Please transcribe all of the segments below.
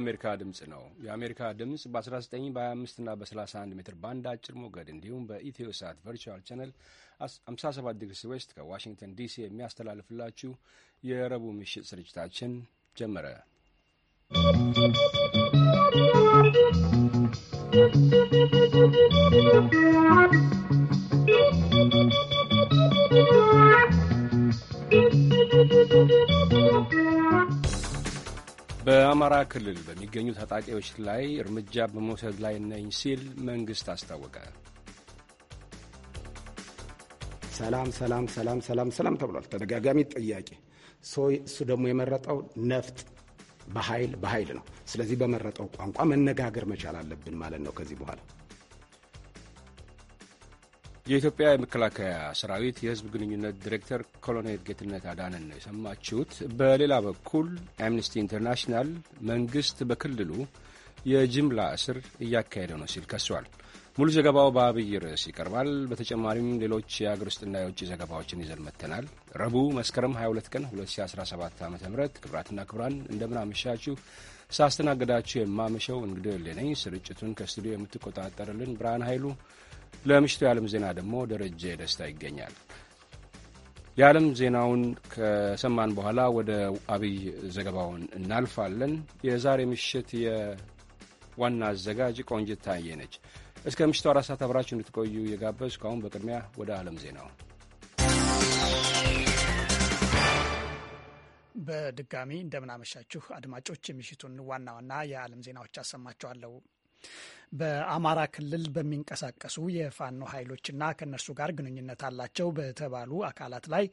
የአሜሪካ ድምፅ ነው። የአሜሪካ ድምፅ በ19 በ25 እና በ31 ሜትር ባንድ አጭር ሞገድ እንዲሁም በኢትዮ ሳት ቨርቹዋል ቻነል 57 ዲግሪ ዌስት ከዋሽንግተን ዲሲ የሚያስተላልፍላችሁ የረቡዕ ምሽት ስርጭታችን ጀመረ። ¶¶ በአማራ ክልል በሚገኙ ታጣቂዎች ላይ እርምጃ በመውሰድ ላይ ነኝ ሲል መንግስት አስታወቀ። ሰላም ሰላም ሰላም ሰላም ሰላም ተብሏል። ተደጋጋሚ ጥያቄ እሱ ደግሞ የመረጠው ነፍጥ በኃይል በኃይል ነው። ስለዚህ በመረጠው ቋንቋ መነጋገር መቻል አለብን ማለት ነው ከዚህ በኋላ የኢትዮጵያ የመከላከያ ሰራዊት የህዝብ ግንኙነት ዲሬክተር ኮሎኔል ጌትነት አዳነን ነው የሰማችሁት። በሌላ በኩል አምነስቲ ኢንተርናሽናል መንግስት በክልሉ የጅምላ እስር እያካሄደ ነው ሲል ከሷል። ሙሉ ዘገባው በአብይ ርዕስ ይቀርባል። በተጨማሪም ሌሎች የአገር ውስጥና የውጭ ዘገባዎችን ይዘን መጥተናል። ረቡዕ መስከረም 22 ቀን 2017 ዓ ም ክብራትና ክብራን እንደምን አመሻችሁ። ሳስተናግዳችሁ የማመሸው እንግዲህ ሌነኝ ስርጭቱን ከስቱዲዮ የምትቆጣጠርልን ብርሃን ኃይሉ ለምሽቱ የዓለም ዜና ደግሞ ደረጀ ደስታ ይገኛል። የዓለም ዜናውን ከሰማን በኋላ ወደ አብይ ዘገባውን እናልፋለን። የዛሬ ምሽት የዋና አዘጋጅ ቆንጅት ታዬ ነች። እስከ ምሽቱ አራት ሰዓት አብራችሁ እንድትቆዩ የጋበዝኩ። አሁን በቅድሚያ ወደ ዓለም ዜናው በድጋሚ እንደምናመሻችሁ አድማጮች፣ የምሽቱን ዋና ዋና የዓለም ዜናዎች አሰማችኋለሁ። በአማራ ክልል በሚንቀሳቀሱ የፋኖ ኃይሎችና ከእነርሱ ጋር ግንኙነት አላቸው በተባሉ አካላት ላይ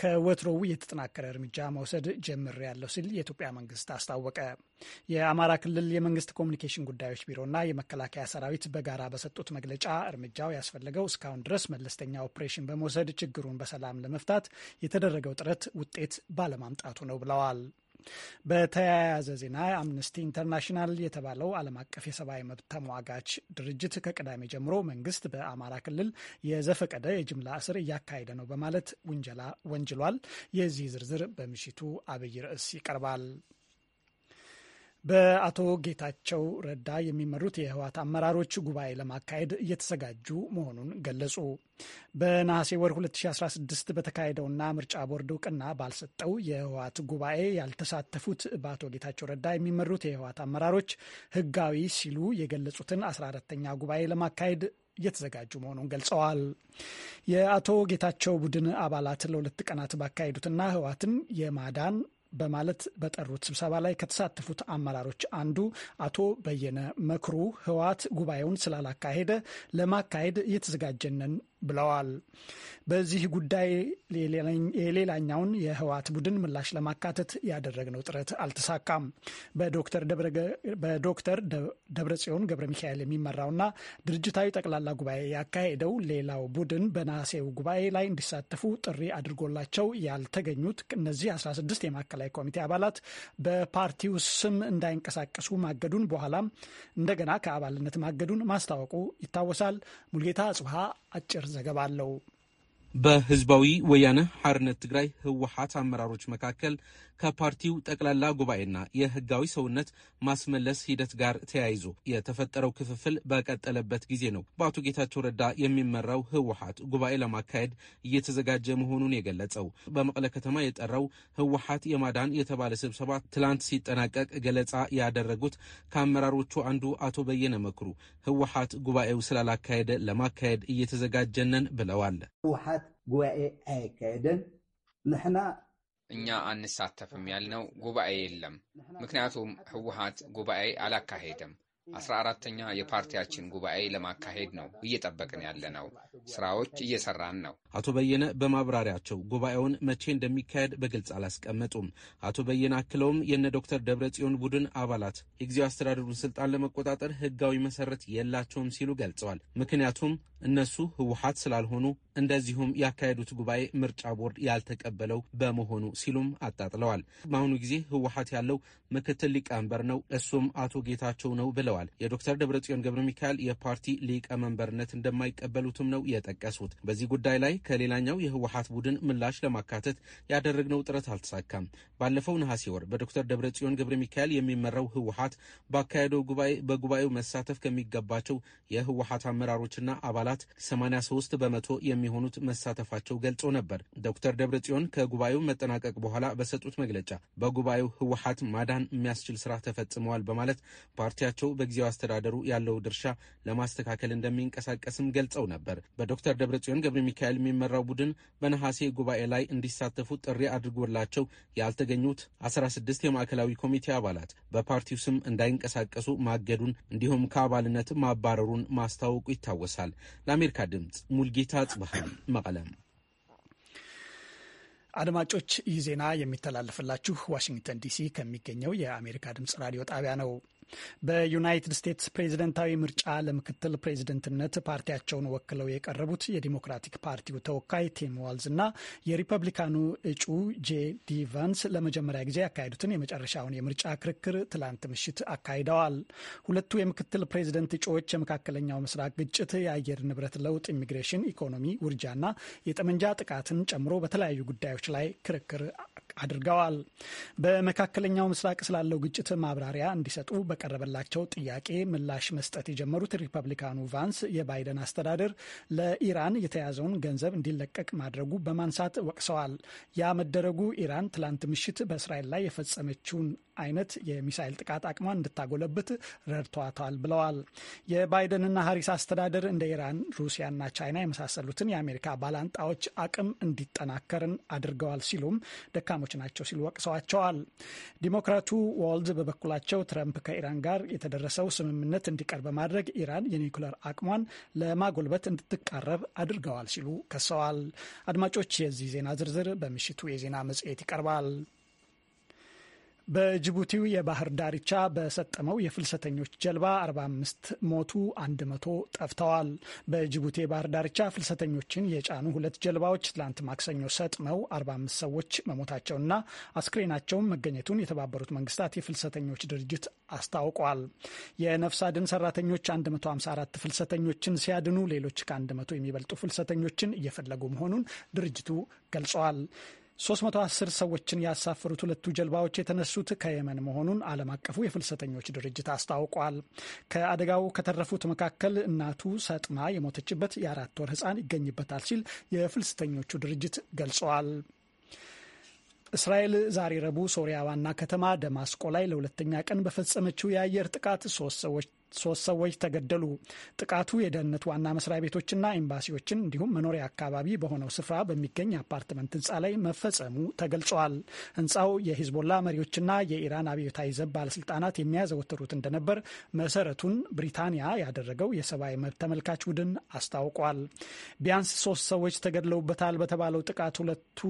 ከወትሮው የተጠናከረ እርምጃ መውሰድ ጀምር ያለው ሲል የኢትዮጵያ መንግስት አስታወቀ። የአማራ ክልል የመንግስት ኮሚኒኬሽን ጉዳዮች ቢሮና የመከላከያ ሰራዊት በጋራ በሰጡት መግለጫ እርምጃው ያስፈለገው እስካሁን ድረስ መለስተኛ ኦፕሬሽን በመውሰድ ችግሩን በሰላም ለመፍታት የተደረገው ጥረት ውጤት ባለማምጣቱ ነው ብለዋል። በተያያዘ ዜና አምነስቲ ኢንተርናሽናል የተባለው ዓለም አቀፍ የሰብአዊ መብት ተሟጋች ድርጅት ከቅዳሜ ጀምሮ መንግስት በአማራ ክልል የዘፈቀደ የጅምላ እስር እያካሄደ ነው በማለት ውንጀላ ወንጅሏል። የዚህ ዝርዝር በምሽቱ አብይ ርዕስ ይቀርባል። በአቶ ጌታቸው ረዳ የሚመሩት የህወሓት አመራሮች ጉባኤ ለማካሄድ እየተዘጋጁ መሆኑን ገለጹ። በነሐሴ ወር 2016 በተካሄደውና ምርጫ ቦርድ እውቅና ባልሰጠው የህወሓት ጉባኤ ያልተሳተፉት በአቶ ጌታቸው ረዳ የሚመሩት የህወሓት አመራሮች ህጋዊ ሲሉ የገለጹትን 14ተኛ ጉባኤ ለማካሄድ እየተዘጋጁ መሆኑን ገልጸዋል። የአቶ ጌታቸው ቡድን አባላት ለሁለት ቀናት ባካሄዱትና ህወሓትን የማዳን በማለት በጠሩት ስብሰባ ላይ ከተሳተፉት አመራሮች አንዱ አቶ በየነ መክሩ ህወሓት ጉባኤውን ስላላካሄደ ለማካሄድ እየተዘጋጀነን ብለዋል። በዚህ ጉዳይ የሌላኛውን የህወሓት ቡድን ምላሽ ለማካተት ያደረግነው ጥረት አልተሳካም። በዶክተር ደብረጽዮን ገብረ ሚካኤል የሚመራውና ድርጅታዊ ጠቅላላ ጉባኤ ያካሄደው ሌላው ቡድን በነሐሴው ጉባኤ ላይ እንዲሳተፉ ጥሪ አድርጎላቸው ያልተገኙት እነዚህ 16 የማዕከላዊ ኮሚቴ አባላት በፓርቲው ስም እንዳይንቀሳቀሱ ማገዱን በኋላም እንደገና ከአባልነት ማገዱን ማስታወቁ ይታወሳል። ሙልጌታ ጽብሃ አጭር ዘገባ አለው። በህዝባዊ ወያነ ሐርነት ትግራይ ህወሓት አመራሮች መካከል ከፓርቲው ጠቅላላ ጉባኤና የህጋዊ ሰውነት ማስመለስ ሂደት ጋር ተያይዞ የተፈጠረው ክፍፍል በቀጠለበት ጊዜ ነው በአቶ ጌታቸው ረዳ የሚመራው ህወሀት ጉባኤ ለማካሄድ እየተዘጋጀ መሆኑን የገለጸው። በመቀለ ከተማ የጠራው ህወሀት የማዳን የተባለ ስብሰባ ትላንት ሲጠናቀቅ ገለጻ ያደረጉት ከአመራሮቹ አንዱ አቶ በየነ መክሩ ህወሀት ጉባኤው ስላላካሄደ ለማካሄድ እየተዘጋጀነን ብለዋል። ህወሀት ጉባኤ አይካሄደን ንሕና እኛ አንሳተፍም ያልነው ጉባኤ የለም። ምክንያቱም ህወሀት ጉባኤ አላካሄደም። አስራ አራተኛ የፓርቲያችን ጉባኤ ለማካሄድ ነው እየጠበቅን ያለነው። ስራዎች እየሰራን ነው። አቶ በየነ በማብራሪያቸው ጉባኤውን መቼ እንደሚካሄድ በግልጽ አላስቀመጡም። አቶ በየነ አክለውም የነ ዶክተር ደብረጽዮን ቡድን አባላት የጊዜው አስተዳደሩን ስልጣን ለመቆጣጠር ህጋዊ መሰረት የላቸውም ሲሉ ገልጸዋል። ምክንያቱም እነሱ ህወሀት ስላልሆኑ እንደዚሁም ያካሄዱት ጉባኤ ምርጫ ቦርድ ያልተቀበለው በመሆኑ ሲሉም አጣጥለዋል። በአሁኑ ጊዜ ህወሀት ያለው ምክትል ሊቀመንበር ነው፣ እሱም አቶ ጌታቸው ነው ብለዋል። የዶክተር ደብረጽዮን ገብረ ሚካኤል የፓርቲ ሊቀመንበርነት እንደማይቀበሉትም ነው የጠቀሱት። በዚህ ጉዳይ ላይ ከሌላኛው የህወሀት ቡድን ምላሽ ለማካተት ያደረግነው ጥረት አልተሳካም። ባለፈው ነሐሴ ወር በዶክተር ደብረጽዮን ገብረ ሚካኤል የሚመራው ህወሀት ባካሄደው ጉባኤ በጉባኤው መሳተፍ ከሚገባቸው የህወሀት አመራሮችና አባላት 83 በመቶ የሚ የሚሆኑት መሳተፋቸው ገልጾ ነበር። ዶክተር ደብረጽዮን ከጉባኤው መጠናቀቅ በኋላ በሰጡት መግለጫ በጉባኤው ህወሀት ማዳን የሚያስችል ስራ ተፈጽመዋል በማለት ፓርቲያቸው በጊዜው አስተዳደሩ ያለው ድርሻ ለማስተካከል እንደሚንቀሳቀስም ገልጸው ነበር። በዶክተር ደብረጽዮን ገብረ ሚካኤል የሚመራው ቡድን በነሐሴ ጉባኤ ላይ እንዲሳተፉ ጥሪ አድርጎላቸው ያልተገኙት 16 የማዕከላዊ ኮሚቴ አባላት በፓርቲው ስም እንዳይንቀሳቀሱ ማገዱን እንዲሁም ከአባልነት ማባረሩን ማስታወቁ ይታወሳል። ለአሜሪካ ድምፅ ሙልጌታ ጽብሃ መቀለ። አድማጮች ይህ ዜና የሚተላለፍላችሁ ዋሽንግተን ዲሲ ከሚገኘው የአሜሪካ ድምጽ ራዲዮ ጣቢያ ነው። በዩናይትድ ስቴትስ ፕሬዝደንታዊ ምርጫ ለምክትል ፕሬዝደንትነት ፓርቲያቸውን ወክለው የቀረቡት የዲሞክራቲክ ፓርቲው ተወካይ ቲም ዋልዝ እና የሪፐብሊካኑ እጩ ጄ ዲ ቫንስ ለመጀመሪያ ጊዜ ያካሄዱትን የመጨረሻውን የምርጫ ክርክር ትላንት ምሽት አካሂደዋል። ሁለቱ የምክትል ፕሬዝደንት እጩዎች የመካከለኛው ምስራቅ ግጭት፣ የአየር ንብረት ለውጥ፣ ኢሚግሬሽን፣ ኢኮኖሚ፣ ውርጃና የጠመንጃ ጥቃትን ጨምሮ በተለያዩ ጉዳዮች ላይ ክርክር አድርገዋል። በመካከለኛው ምስራቅ ስላለው ግጭት ማብራሪያ እንዲሰጡ በቀረበላቸው ጥያቄ ምላሽ መስጠት የጀመሩት ሪፐብሊካኑ ቫንስ የባይደን አስተዳደር ለኢራን የተያዘውን ገንዘብ እንዲለቀቅ ማድረጉ በማንሳት ወቅሰዋል። ያ መደረጉ ኢራን ትላንት ምሽት በእስራኤል ላይ የፈጸመችውን አይነት የሚሳይል ጥቃት አቅሟን እንድታጎለብት ረድቷታል ብለዋል። የባይደንና ሀሪስ አስተዳደር እንደ ኢራን፣ ሩሲያና ቻይና የመሳሰሉትን የአሜሪካ ባላንጣዎች አቅም እንዲጠናከርን አድርገዋል ሲሉም ደካሞ እርምጃዎች ናቸው ሲሉ ወቅሰዋቸዋል። ዲሞክራቱ ዋልዝ በበኩላቸው ትረምፕ ከኢራን ጋር የተደረሰው ስምምነት እንዲቀር በማድረግ ኢራን የኒውክለር አቅሟን ለማጎልበት እንድትቃረብ አድርገዋል ሲሉ ከሰዋል። አድማጮች፣ የዚህ ዜና ዝርዝር በምሽቱ የዜና መጽሔት ይቀርባል። በጅቡቲው የባህር ዳርቻ በሰጠመው የፍልሰተኞች ጀልባ 45 ሞቱ፣ 100 ጠፍተዋል። በጅቡቲ የባህር ዳርቻ ፍልሰተኞችን የጫኑ ሁለት ጀልባዎች ትላንት ማክሰኞ ሰጥመው 45 ሰዎች መሞታቸውና አስክሬናቸውም መገኘቱን የተባበሩት መንግስታት የፍልሰተኞች ድርጅት አስታውቋል። የነፍስ አድን ሰራተኞች 154 ፍልሰተኞችን ሲያድኑ ሌሎች ከ100 የሚበልጡ ፍልሰተኞችን እየፈለጉ መሆኑን ድርጅቱ ገልጸዋል። 310 ሰዎችን ያሳፈሩት ሁለቱ ጀልባዎች የተነሱት ከየመን መሆኑን ዓለም አቀፉ የፍልሰተኞች ድርጅት አስታውቋል። ከአደጋው ከተረፉት መካከል እናቱ ሰጥማ የሞተችበት የአራት ወር ሕፃን ይገኝበታል ሲል የፍልሰተኞቹ ድርጅት ገልጸዋል። እስራኤል ዛሬ ረቡዕ ሶሪያ ዋና ከተማ ደማስቆ ላይ ለሁለተኛ ቀን በፈጸመችው የአየር ጥቃት ሶስት ሰዎች ሶስት ሰዎች ተገደሉ። ጥቃቱ የደህንነት ዋና መስሪያ ቤቶችና ኤምባሲዎችን እንዲሁም መኖሪያ አካባቢ በሆነው ስፍራ በሚገኝ አፓርትመንት ህንፃ ላይ መፈጸሙ ተገልጿል። ህንፃው የሂዝቦላ መሪዎችና የኢራን አብዮታዊ ዘብ ባለስልጣናት የሚያዘወትሩት እንደነበር መሰረቱን ብሪታንያ ያደረገው የሰብአዊ መብት ተመልካች ቡድን አስታውቋል። ቢያንስ ሶስት ሰዎች ተገድለውበታል በተባለው ጥቃት ሁለቱ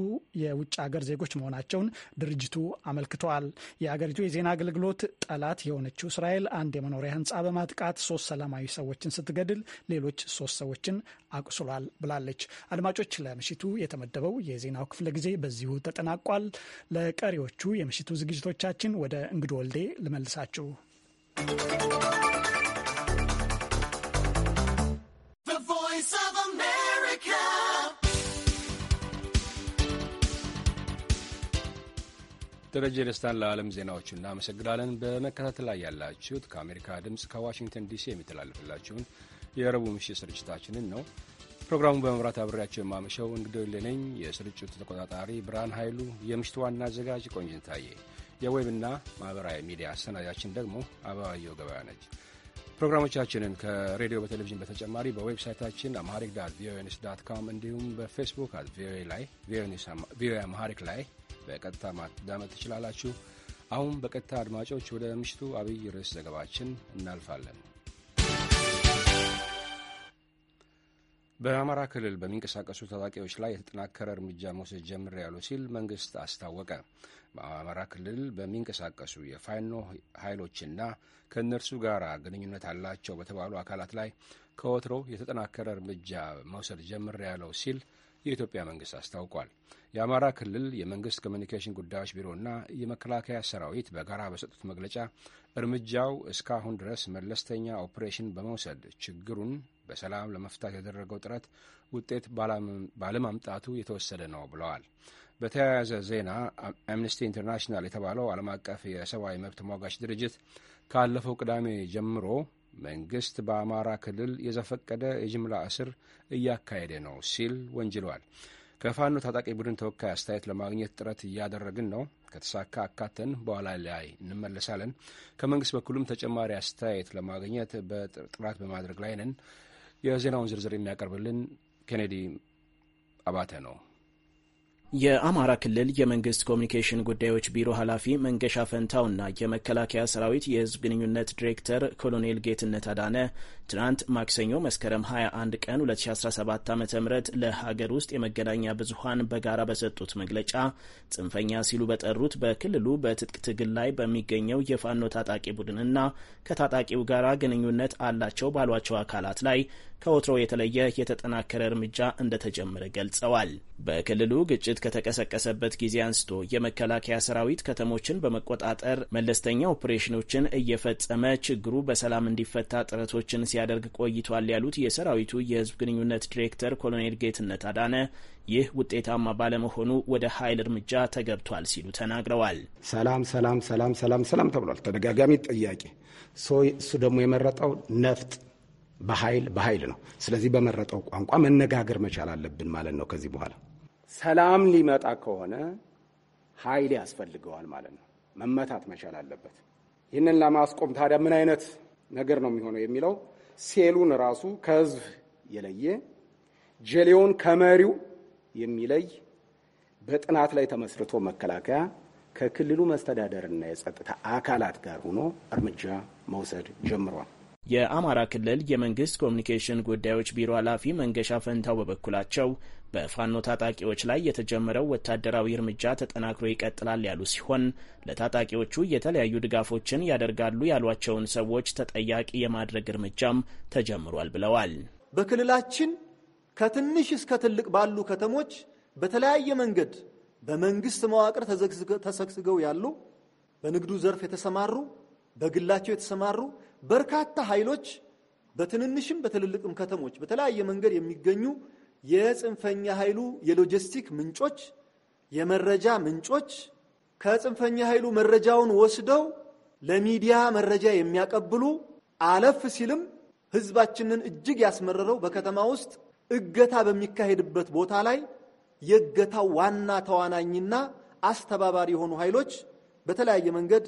የውጭ ሀገር ዜጎች መሆናቸውን ድርጅቱ አመልክተዋል። የአገሪቱ የዜና አገልግሎት ጠላት የሆነችው እስራኤል አንድ የመኖሪያ ህንፃ በማጥቃት ሶስት ሰላማዊ ሰዎችን ስትገድል ሌሎች ሶስት ሰዎችን አቁስሏል ብላለች። አድማጮች ለምሽቱ የተመደበው የዜናው ክፍለ ጊዜ በዚሁ ተጠናቋል። ለቀሪዎቹ የምሽቱ ዝግጅቶቻችን ወደ እንግዶ ወልዴ ልመልሳችሁ። ደረጀ ደስታን ለዓለም ዜናዎች እናመሰግናለን። በመከታተል ላይ ያላችሁት ከአሜሪካ ድምፅ ከዋሽንግተን ዲሲ የሚተላለፍላችሁን የረቡዕ ምሽት ስርጭታችንን ነው። ፕሮግራሙን በመምራት አብሬያቸው የማመሸው እንግዲህ ነኝ። የስርጭቱ ተቆጣጣሪ ብርሃን ኃይሉ፣ የምሽት ዋና አዘጋጅ ቆንጅንታዬ፣ የዌብና ማኅበራዊ ሚዲያ አሰናጃችን ደግሞ አበባየው ገበያ ነች። ፕሮግራሞቻችንን ከሬዲዮ በቴሌቪዥን በተጨማሪ በዌብሳይታችን አማሪክ ዳት ቪኦኤ ኒውስ ዳት ካም እንዲሁም በፌስቡክ ቪኦኤ ላይ ቪኦኤ አማሪክ ላይ በቀጥታ ማዳመጥ ትችላላችሁ። አሁን በቀጥታ አድማጮች ወደ ምሽቱ አብይ ርዕስ ዘገባችን እናልፋለን። በአማራ ክልል በሚንቀሳቀሱ ታጣቂዎች ላይ የተጠናከረ እርምጃ መውሰድ ጀምር ያሉ ሲል መንግስት አስታወቀ። በአማራ ክልል በሚንቀሳቀሱ የፋይኖ ኃይሎችና ከእነርሱ ጋር ግንኙነት አላቸው በተባሉ አካላት ላይ ከወትሮ የተጠናከረ እርምጃ መውሰድ ጀምር ያለው ሲል የኢትዮጵያ መንግስት አስታውቋል። የአማራ ክልል የመንግስት ኮሚኒኬሽን ጉዳዮች ቢሮና የመከላከያ ሰራዊት በጋራ በሰጡት መግለጫ እርምጃው እስካሁን ድረስ መለስተኛ ኦፕሬሽን በመውሰድ ችግሩን በሰላም ለመፍታት ያደረገው ጥረት ውጤት ባለማምጣቱ የተወሰደ ነው ብለዋል። በተያያዘ ዜና አምነስቲ ኢንተርናሽናል የተባለው ዓለም አቀፍ የሰብአዊ መብት ተሟጋች ድርጅት ካለፈው ቅዳሜ ጀምሮ መንግስት በአማራ ክልል የዘፈቀደ የጅምላ እስር እያካሄደ ነው ሲል ወንጅሏል። ከፋኖ ታጣቂ ቡድን ተወካይ አስተያየት ለማግኘት ጥረት እያደረግን ነው። ከተሳካ አካተን በኋላ ላይ እንመለሳለን። ከመንግስት በኩልም ተጨማሪ አስተያየት ለማግኘት በጥራት በማድረግ ላይ ነን። የዜናውን ዝርዝር የሚያቀርብልን ኬኔዲ አባተ ነው። የአማራ ክልል የመንግስት ኮሚኒኬሽን ጉዳዮች ቢሮ ኃላፊ መንገሻ ፈንታውና የመከላከያ ሰራዊት የህዝብ ግንኙነት ዲሬክተር ኮሎኔል ጌትነት አዳነ ትናንት ማክሰኞ መስከረም 21 ቀን 2017 ዓ ም ለሀገር ውስጥ የመገናኛ ብዙሀን በጋራ በሰጡት መግለጫ ጽንፈኛ ሲሉ በጠሩት በክልሉ በትጥቅ ትግል ላይ በሚገኘው የፋኖ ታጣቂ ቡድንና ከታጣቂው ጋራ ግንኙነት አላቸው ባሏቸው አካላት ላይ ከወትሮ የተለየ የተጠናከረ እርምጃ እንደተጀመረ ገልጸዋል። በክልሉ ግጭት ከተቀሰቀሰበት ጊዜ አንስቶ የመከላከያ ሰራዊት ከተሞችን በመቆጣጠር መለስተኛ ኦፕሬሽኖችን እየፈጸመ ችግሩ በሰላም እንዲፈታ ጥረቶችን ሲያደርግ ቆይቷል ያሉት የሰራዊቱ የህዝብ ግንኙነት ዲሬክተር ኮሎኔል ጌትነት አዳነ ይህ ውጤታማ ባለመሆኑ ወደ ኃይል እርምጃ ተገብቷል ሲሉ ተናግረዋል። ሰላም ሰላም ሰላም ሰላም ሰላም ተብሏል። ተደጋጋሚ ጥያቄ እሱ ደግሞ የመረጠው ነፍጥ በኃይል በኃይል ነው። ስለዚህ በመረጠው ቋንቋ መነጋገር መቻል አለብን ማለት ነው። ከዚህ በኋላ ሰላም ሊመጣ ከሆነ ኃይል ያስፈልገዋል ማለት ነው። መመታት መቻል አለበት። ይህንን ለማስቆም ታዲያ ምን አይነት ነገር ነው የሚሆነው የሚለው ሴሉን ራሱ ከህዝብ የለየ ጀሌውን ከመሪው የሚለይ በጥናት ላይ ተመስርቶ መከላከያ ከክልሉ መስተዳደርና የጸጥታ አካላት ጋር ሆኖ እርምጃ መውሰድ ጀምሯል። የአማራ ክልል የመንግስት ኮሚኒኬሽን ጉዳዮች ቢሮ ኃላፊ መንገሻ ፈንታው በበኩላቸው በፋኖ ታጣቂዎች ላይ የተጀመረው ወታደራዊ እርምጃ ተጠናክሮ ይቀጥላል ያሉ ሲሆን ለታጣቂዎቹ የተለያዩ ድጋፎችን ያደርጋሉ ያሏቸውን ሰዎች ተጠያቂ የማድረግ እርምጃም ተጀምሯል ብለዋል። በክልላችን ከትንሽ እስከ ትልቅ ባሉ ከተሞች በተለያየ መንገድ በመንግስት መዋቅር ተሰግስገው ያሉ፣ በንግዱ ዘርፍ የተሰማሩ፣ በግላቸው የተሰማሩ በርካታ ኃይሎች በትንንሽም በትልልቅም ከተሞች በተለያየ መንገድ የሚገኙ የጽንፈኛ ኃይሉ የሎጂስቲክ ምንጮች፣ የመረጃ ምንጮች ከጽንፈኛ ኃይሉ መረጃውን ወስደው ለሚዲያ መረጃ የሚያቀብሉ አለፍ ሲልም ህዝባችንን እጅግ ያስመረረው በከተማ ውስጥ እገታ በሚካሄድበት ቦታ ላይ የእገታው ዋና ተዋናኝና አስተባባሪ የሆኑ ኃይሎች በተለያየ መንገድ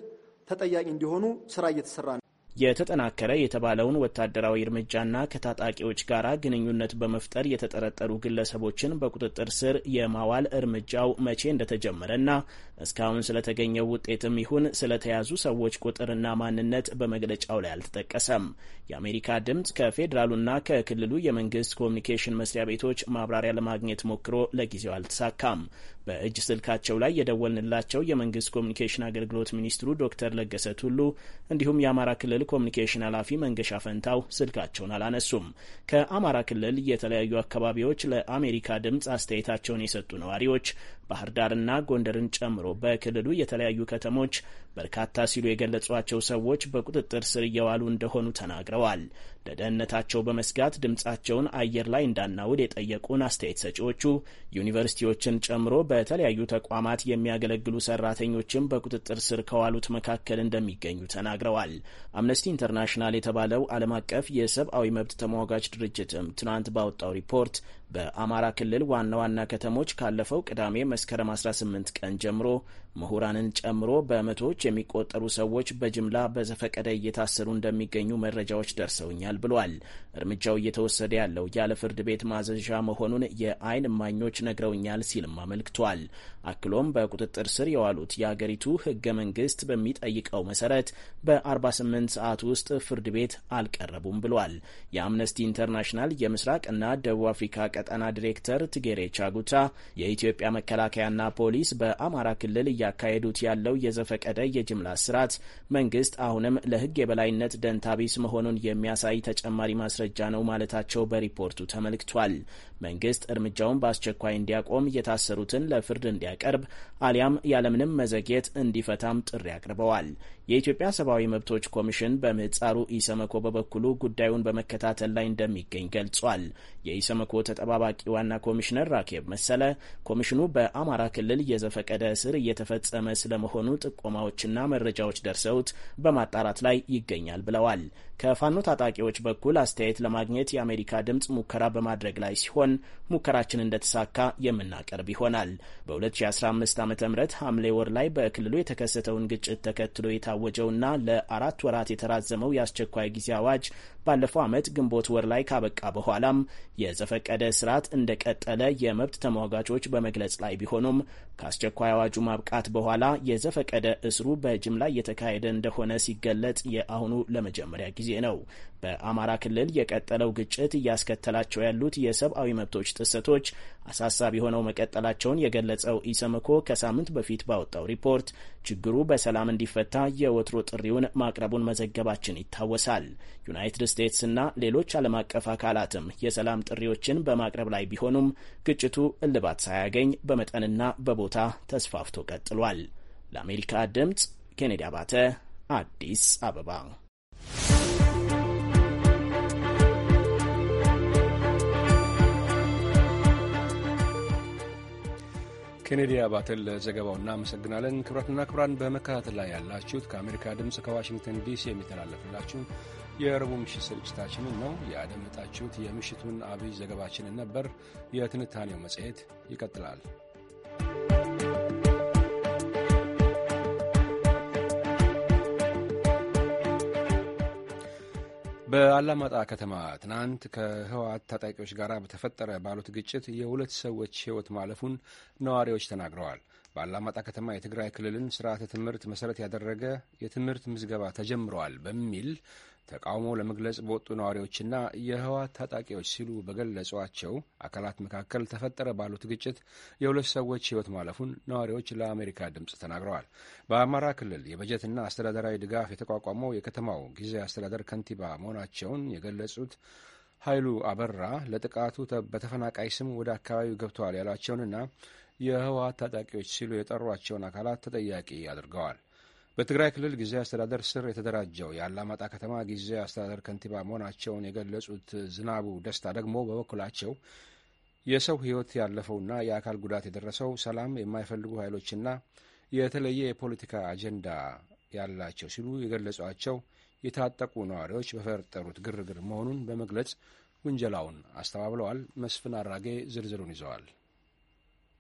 ተጠያቂ እንዲሆኑ ስራ እየተሰራ ነው። የተጠናከረ የተባለውን ወታደራዊ እርምጃና ከታጣቂዎች ጋር ግንኙነት በመፍጠር የተጠረጠሩ ግለሰቦችን በቁጥጥር ስር የማዋል እርምጃው መቼ እንደተጀመረና እስካሁን ስለተገኘው ውጤትም ይሁን ስለተያዙ ሰዎች ቁጥርና ማንነት በመግለጫው ላይ አልተጠቀሰም። የአሜሪካ ድምፅ ከፌዴራሉና ከክልሉ የመንግስት ኮሚኒኬሽን መስሪያ ቤቶች ማብራሪያ ለማግኘት ሞክሮ ለጊዜው አልተሳካም። በእጅ ስልካቸው ላይ የደወልንላቸው የመንግስት ኮሚኒኬሽን አገልግሎት ሚኒስትሩ ዶክተር ለገሰ ቱሉ እንዲሁም የአማራ ክልል ኮሚኒኬሽን ኃላፊ መንገሻ ፈንታው ስልካቸውን አላነሱም። ከአማራ ክልል የተለያዩ አካባቢዎች ለአሜሪካ ድምፅ አስተያየታቸውን የሰጡ ነዋሪዎች ባህር ዳርና ጎንደርን ጨምሮ በክልሉ የተለያዩ ከተሞች በርካታ ሲሉ የገለጿቸው ሰዎች በቁጥጥር ስር እየዋሉ እንደሆኑ ተናግረዋል። ለደህንነታቸው በመስጋት ድምፃቸውን አየር ላይ እንዳናውል የጠየቁን አስተያየት ሰጪዎቹ ዩኒቨርሲቲዎችን ጨምሮ በተለያዩ ተቋማት የሚያገለግሉ ሰራተኞችም በቁጥጥር ስር ከዋሉት መካከል እንደሚገኙ ተናግረዋል። አምነስቲ ኢንተርናሽናል የተባለው ዓለም አቀፍ የሰብአዊ መብት ተሟጋች ድርጅትም ትናንት ባወጣው ሪፖርት በአማራ ክልል ዋና ዋና ከተሞች ካለፈው ቅዳሜ መስከረም 18 ቀን ጀምሮ ምሁራንን ጨምሮ በመቶዎች የሚቆጠሩ ሰዎች በጅምላ በዘፈቀደ እየታሰሩ እንደሚገኙ መረጃዎች ደርሰውኛል ብሏል። እርምጃው እየተወሰደ ያለው ያለ ፍርድ ቤት ማዘዣ መሆኑን የአይን እማኞች ነግረውኛል ሲልም አመልክቷል። አክሎም በቁጥጥር ስር የዋሉት የአገሪቱ ህገ መንግስት በሚጠይቀው መሰረት በ48 ሰዓት ውስጥ ፍርድ ቤት አልቀረቡም ብሏል። የአምነስቲ ኢንተርናሽናል የምስራቅና ደቡብ አፍሪካ ቀጠና ዲሬክተር ትጌሬ ቻጉታ የኢትዮጵያ መከላከያና ፖሊስ በአማራ ክልል እያካሄዱት ያለው የዘፈቀደ የጅምላ ስርዓት መንግስት አሁንም ለህግ የበላይነት ደንታቢስ መሆኑን የሚያሳይ ተጨማሪ ማስረጃ ነው ማለታቸው በሪፖርቱ ተመልክቷል። መንግስት እርምጃውን በአስቸኳይ እንዲያቆም፣ የታሰሩትን ለፍርድ እንዲያቀርብ አሊያም ያለምንም መዘግየት እንዲፈታም ጥሪ አቅርበዋል። የኢትዮጵያ ሰብአዊ መብቶች ኮሚሽን በምህጻሩ ኢሰመኮ በበኩሉ ጉዳዩን በመከታተል ላይ እንደሚገኝ ገልጿል። የኢሰመኮ ተጠባባቂ ዋና ኮሚሽነር ራኬብ መሰለ ኮሚሽኑ በአማራ ክልል የዘፈቀደ እስር እየተፈጸመ ስለመሆኑ ጥቆማዎችና መረጃዎች ደርሰውት በማጣራት ላይ ይገኛል ብለዋል። ከፋኖ ታጣቂዎች በኩል አስተያየት ለማግኘት የአሜሪካ ድምፅ ሙከራ በማድረግ ላይ ሲሆን አድርገን ሙከራችን እንደተሳካ የምናቀርብ ይሆናል። በ2015 ዓ ም ሐምሌ ወር ላይ በክልሉ የተከሰተውን ግጭት ተከትሎ የታወጀውና ለአራት ወራት የተራዘመው የአስቸኳይ ጊዜ አዋጅ ባለፈው ዓመት ግንቦት ወር ላይ ካበቃ በኋላም የዘፈቀደ ስርዓት እንደቀጠለ የመብት ተሟጋቾች በመግለጽ ላይ ቢሆኑም ከአስቸኳይ አዋጁ ማብቃት በኋላ የዘፈቀደ እስሩ በጅምላ እየተካሄደ እንደሆነ ሲገለጽ የአሁኑ ለመጀመሪያ ጊዜ ነው። በአማራ ክልል የቀጠለው ግጭት እያስከተላቸው ያሉት የሰብአዊ መብቶች ጥሰቶች አሳሳቢ ሆነው መቀጠላቸውን የገለጸው ኢሰመኮ ከሳምንት በፊት ባወጣው ሪፖርት ችግሩ በሰላም እንዲፈታ የወትሮ ጥሪውን ማቅረቡን መዘገባችን ይታወሳል። ዩናይትድ ስቴትስና ሌሎች ዓለም አቀፍ አካላትም የሰላም ጥሪዎችን በማቅረብ ላይ ቢሆኑም ግጭቱ እልባት ሳያገኝ በመጠንና በቦታ ተስፋፍቶ ቀጥሏል። ለአሜሪካ ድምፅ ኬኔዲ አባተ አዲስ አበባ ኬኔዲ አባተን ለዘገባው እናመሰግናለን። ክብረትና ክብራን በመከታተል ላይ ያላችሁት ከአሜሪካ ድምፅ ከዋሽንግተን ዲሲ የሚተላለፍላችሁ የረቡዕ ምሽት ስርጭታችንን ነው ያደመጣችሁት። የምሽቱን አብይ ዘገባችንን ነበር። የትንታኔው መጽሔት ይቀጥላል። በአላማጣ ከተማ ትናንት ከህወሓት ታጣቂዎች ጋር በተፈጠረ ባሉት ግጭት የሁለት ሰዎች ህይወት ማለፉን ነዋሪዎች ተናግረዋል። በአላማጣ ከተማ የትግራይ ክልልን ስርዓተ ትምህርት መሰረት ያደረገ የትምህርት ምዝገባ ተጀምረዋል በሚል ተቃውሞ ለመግለጽ በወጡ ነዋሪዎችና የህወሓት ታጣቂዎች ሲሉ በገለጿቸው አካላት መካከል ተፈጠረ ባሉት ግጭት የሁለት ሰዎች ህይወት ማለፉን ነዋሪዎች ለአሜሪካ ድምፅ ተናግረዋል። በአማራ ክልል የበጀትና አስተዳደራዊ ድጋፍ የተቋቋመው የከተማው ጊዜያዊ አስተዳደር ከንቲባ መሆናቸውን የገለጹት ኃይሉ አበራ ለጥቃቱ በተፈናቃይ ስም ወደ አካባቢው ገብተዋል ያሏቸውንና የህወሀት ታጣቂዎች ሲሉ የጠሯቸውን አካላት ተጠያቂ አድርገዋል። በትግራይ ክልል ጊዜያዊ አስተዳደር ስር የተደራጀው የአላማጣ ከተማ ጊዜያዊ አስተዳደር ከንቲባ መሆናቸውን የገለጹት ዝናቡ ደስታ ደግሞ በበኩላቸው የሰው ህይወት ያለፈውና የአካል ጉዳት የደረሰው ሰላም የማይፈልጉ ኃይሎችና የተለየ የፖለቲካ አጀንዳ ያላቸው ሲሉ የገለጿቸው የታጠቁ ነዋሪዎች በፈጠሩት ግርግር መሆኑን በመግለጽ ውንጀላውን አስተባብለዋል። መስፍን አራጌ ዝርዝሩን ይዘዋል።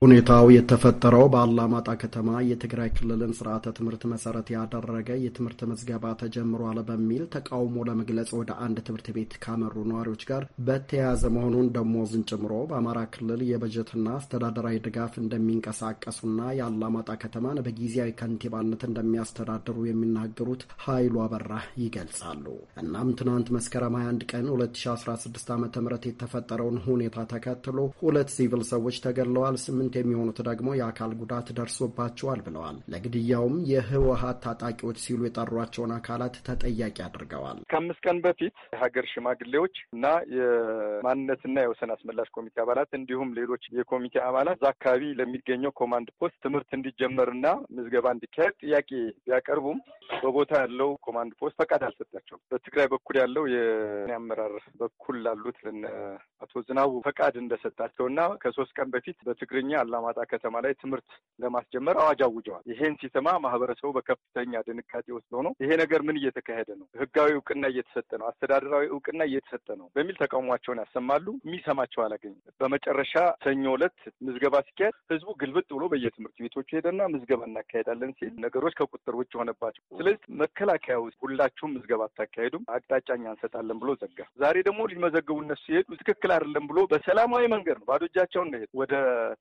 ሁኔታው የተፈጠረው በአላማጣ ከተማ የትግራይ ክልልን ስርዓተ ትምህርት መሰረት ያደረገ የትምህርት መዝገባ ተጀምሯል በሚል ተቃውሞ ለመግለጽ ወደ አንድ ትምህርት ቤት ካመሩ ነዋሪዎች ጋር በተያያዘ መሆኑን ደሞዝን ጨምሮ በአማራ ክልል የበጀትና አስተዳደራዊ ድጋፍ እንደሚንቀሳቀሱና የአላማጣ ከተማን በጊዜያዊ ከንቲባነት እንደሚያስተዳድሩ የሚናገሩት ኃይሉ አበራ ይገልጻሉ። እናም ትናንት መስከረም 21 ቀን 2016 ዓ ም የተፈጠረውን ሁኔታ ተከትሎ ሁለት ሲቪል ሰዎች ተገድለዋል። ስምንት የሚሆኑት ደግሞ የአካል ጉዳት ደርሶባቸዋል ብለዋል። ለግድያውም የህወሀት ታጣቂዎች ሲሉ የጠሯቸውን አካላት ተጠያቂ አድርገዋል። ከአምስት ቀን በፊት የሀገር ሽማግሌዎች እና የማንነትና የወሰን አስመላሽ ኮሚቴ አባላት እንዲሁም ሌሎች የኮሚቴ አባላት እዛ አካባቢ ለሚገኘው ኮማንድ ፖስት ትምህርት እንዲጀመርና ምዝገባ እንዲካሄድ ጥያቄ ቢያቀርቡም በቦታ ያለው ኮማንድ ፖስት ፈቃድ አልሰጣቸውም። በትግራይ በኩል ያለው የአመራር በኩል ላሉት አቶ ዝናቡ ፈቃድ እንደሰጣቸው እና ከሶስት ቀን በፊት በትግርኛ አላማጣ ከተማ ላይ ትምህርት ለማስጀመር አዋጅ አውጀዋል። ይሄን ሲሰማ ማህበረሰቡ በከፍተኛ ድንጋጤ ውስጥ ሆኖ ይሄ ነገር ምን እየተካሄደ ነው? ህጋዊ እውቅና እየተሰጠ ነው? አስተዳደራዊ እውቅና እየተሰጠ ነው? በሚል ተቃውሟቸውን ያሰማሉ። የሚሰማቸው አላገኝም። በመጨረሻ ሰኞ ዕለት ምዝገባ ሲካሄድ ህዝቡ ግልብጥ ብሎ በየትምህርት ቤቶቹ ሄደና ምዝገባ እናካሄዳለን ሲል ነገሮች ከቁጥር ውጭ ሆነባቸው። ስለዚህ መከላከያ ውስጥ ሁላችሁም ምዝገባ አታካሄዱም፣ አቅጣጫኛ እንሰጣለን ብሎ ዘጋ። ዛሬ ደግሞ ሊመዘግቡ እነሱ ሲሄዱ ትክክል አይደለም ብሎ በሰላማዊ መንገድ ነው ባዶ እጃቸውን ወደ